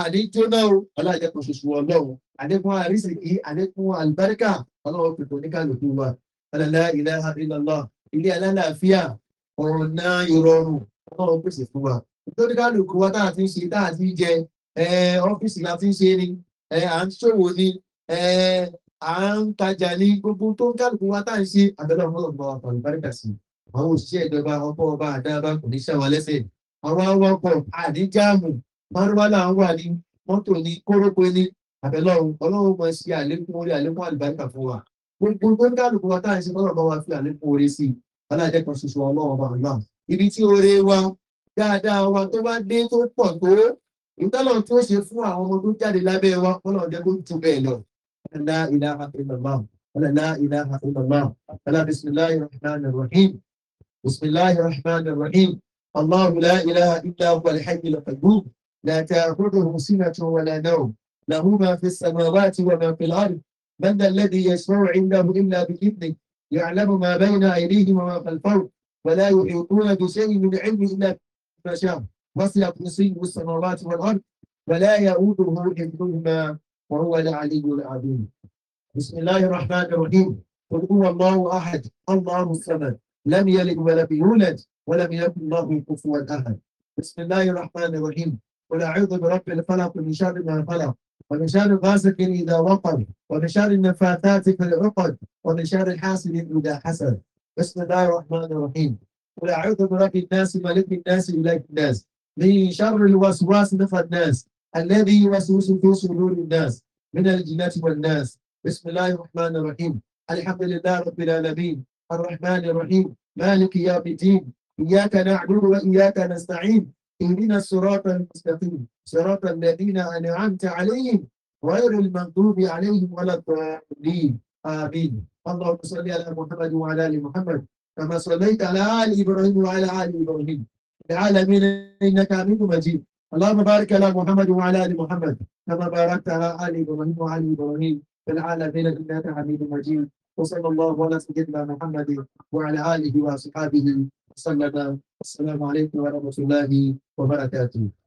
àní jóná o ọlájẹkùn ṣoṣù ọlọ́run àdékùn àrísìkí àdékùn àlùbáríkà ọlọ́run pèpè ní kálukú wa ọlọ́lá ilẹ̀ ilọ̀lọ́ ilé alálàáfíà ọ̀rọ̀ náà ìrọ̀rùn ọlọ́run pèsè fún wa nítorí wa táà ti ń ṣe táà ti ń jẹ ọ́fíìsì la fi ń ṣe ni à ń ṣòwò ni à ń tajà ní gbogbo tó ń kálukú wa tá à ń ṣe àbẹ̀lẹ̀ ọmọlọ́gbọ̀ ọ̀pọ̀ ìbáríkà sí àwọn òṣìṣẹ́ ìjọba ọkọ̀ ọba àdáàbá kò ní ṣàwọn lẹ́sẹ̀ àwọn awakọ̀ àdíjáàmù márùwálà ń wà ní mọ́tò ní kórópé ní àbẹ̀lẹ̀ ọlọ́run mọ̀ sí àlékún orí àlékún àlùbáríkà fún wa gbogbo tó ń kálukú wa tá à ń ṣe mọ́tò bá wa fi àlékún orí sí alájẹ́ kan ṣoṣo ọlọ́run ọba ọlọ́run ibi tí oore wa dáadáa wa tó bá dé tó pọ̀ tó ìtọ́lọ̀ tí ó ṣe fún àwọn ọmọ tó jáde lábẹ́ wa kọ́lọ̀ jẹ́ kó tu bẹ́ẹ̀ lọ. Ọlọ́lá ìlàhà ìlàmá. Ọlọ́lá ìlàhà ìlàmá. Ọlá bisimilahi rahman rahim. Bisimilahi rahman rahim. Allahu la ilaha illa huwa alhaji al-qayyum. La ta'khudhuhu sinatun wa la nawm. Lahu ma fi as-samawati wa ma fi al-ard. Man alladhi yashfa'u 'indahu illa bi idhnih. Ya'lamu ma bayna aydihim wa ma khalfahum. Wa la yuhituna bi shay'in min 'ilmihi illa bima sha'a. وسع كرسيه السماوات والارض ولا يؤوده حفظهما وهو العلي العظيم. بسم الله الرحمن الرحيم قل هو الله احد الله الصمد لم يلد ولم يولد ولم يكن له كفوا احد. بسم الله الرحمن الرحيم قل اعوذ برب الفلق من شر ما خلق ومن شر غاسق اذا وقب ومن شر النفاثات في العقد ومن شر حاسد اذا حسد. بسم الله الرحمن الرحيم قل اعوذ برب الناس ملك الناس ملك الناس من شر الوسواس الناس الذي يوسوس في صدور الناس من الجنة والناس بسم الله الرحمن الرحيم الحمد لله رب العالمين الرحمن الرحيم مالك يوم الدين إياك نعبد وإياك نستعين اهدنا الصراط المستقيم صراط الذين أنعمت عليهم غير المغضوب عليهم ولا الضالين آمين اللهم صل على محمد وعلى آل محمد كما صليت على آل إبراهيم وعلى آل إبراهيم العالمين إنك حميد مجيد اللهم بارك على محمد وعلى آل محمد كما باركت على آل إبراهيم وعلى إبراهيم في العالمين إنك حميد مجيد وصلى الله على سيدنا محمد وعلى آله وصحبه وسلم السلام عليكم ورحمة الله وبركاته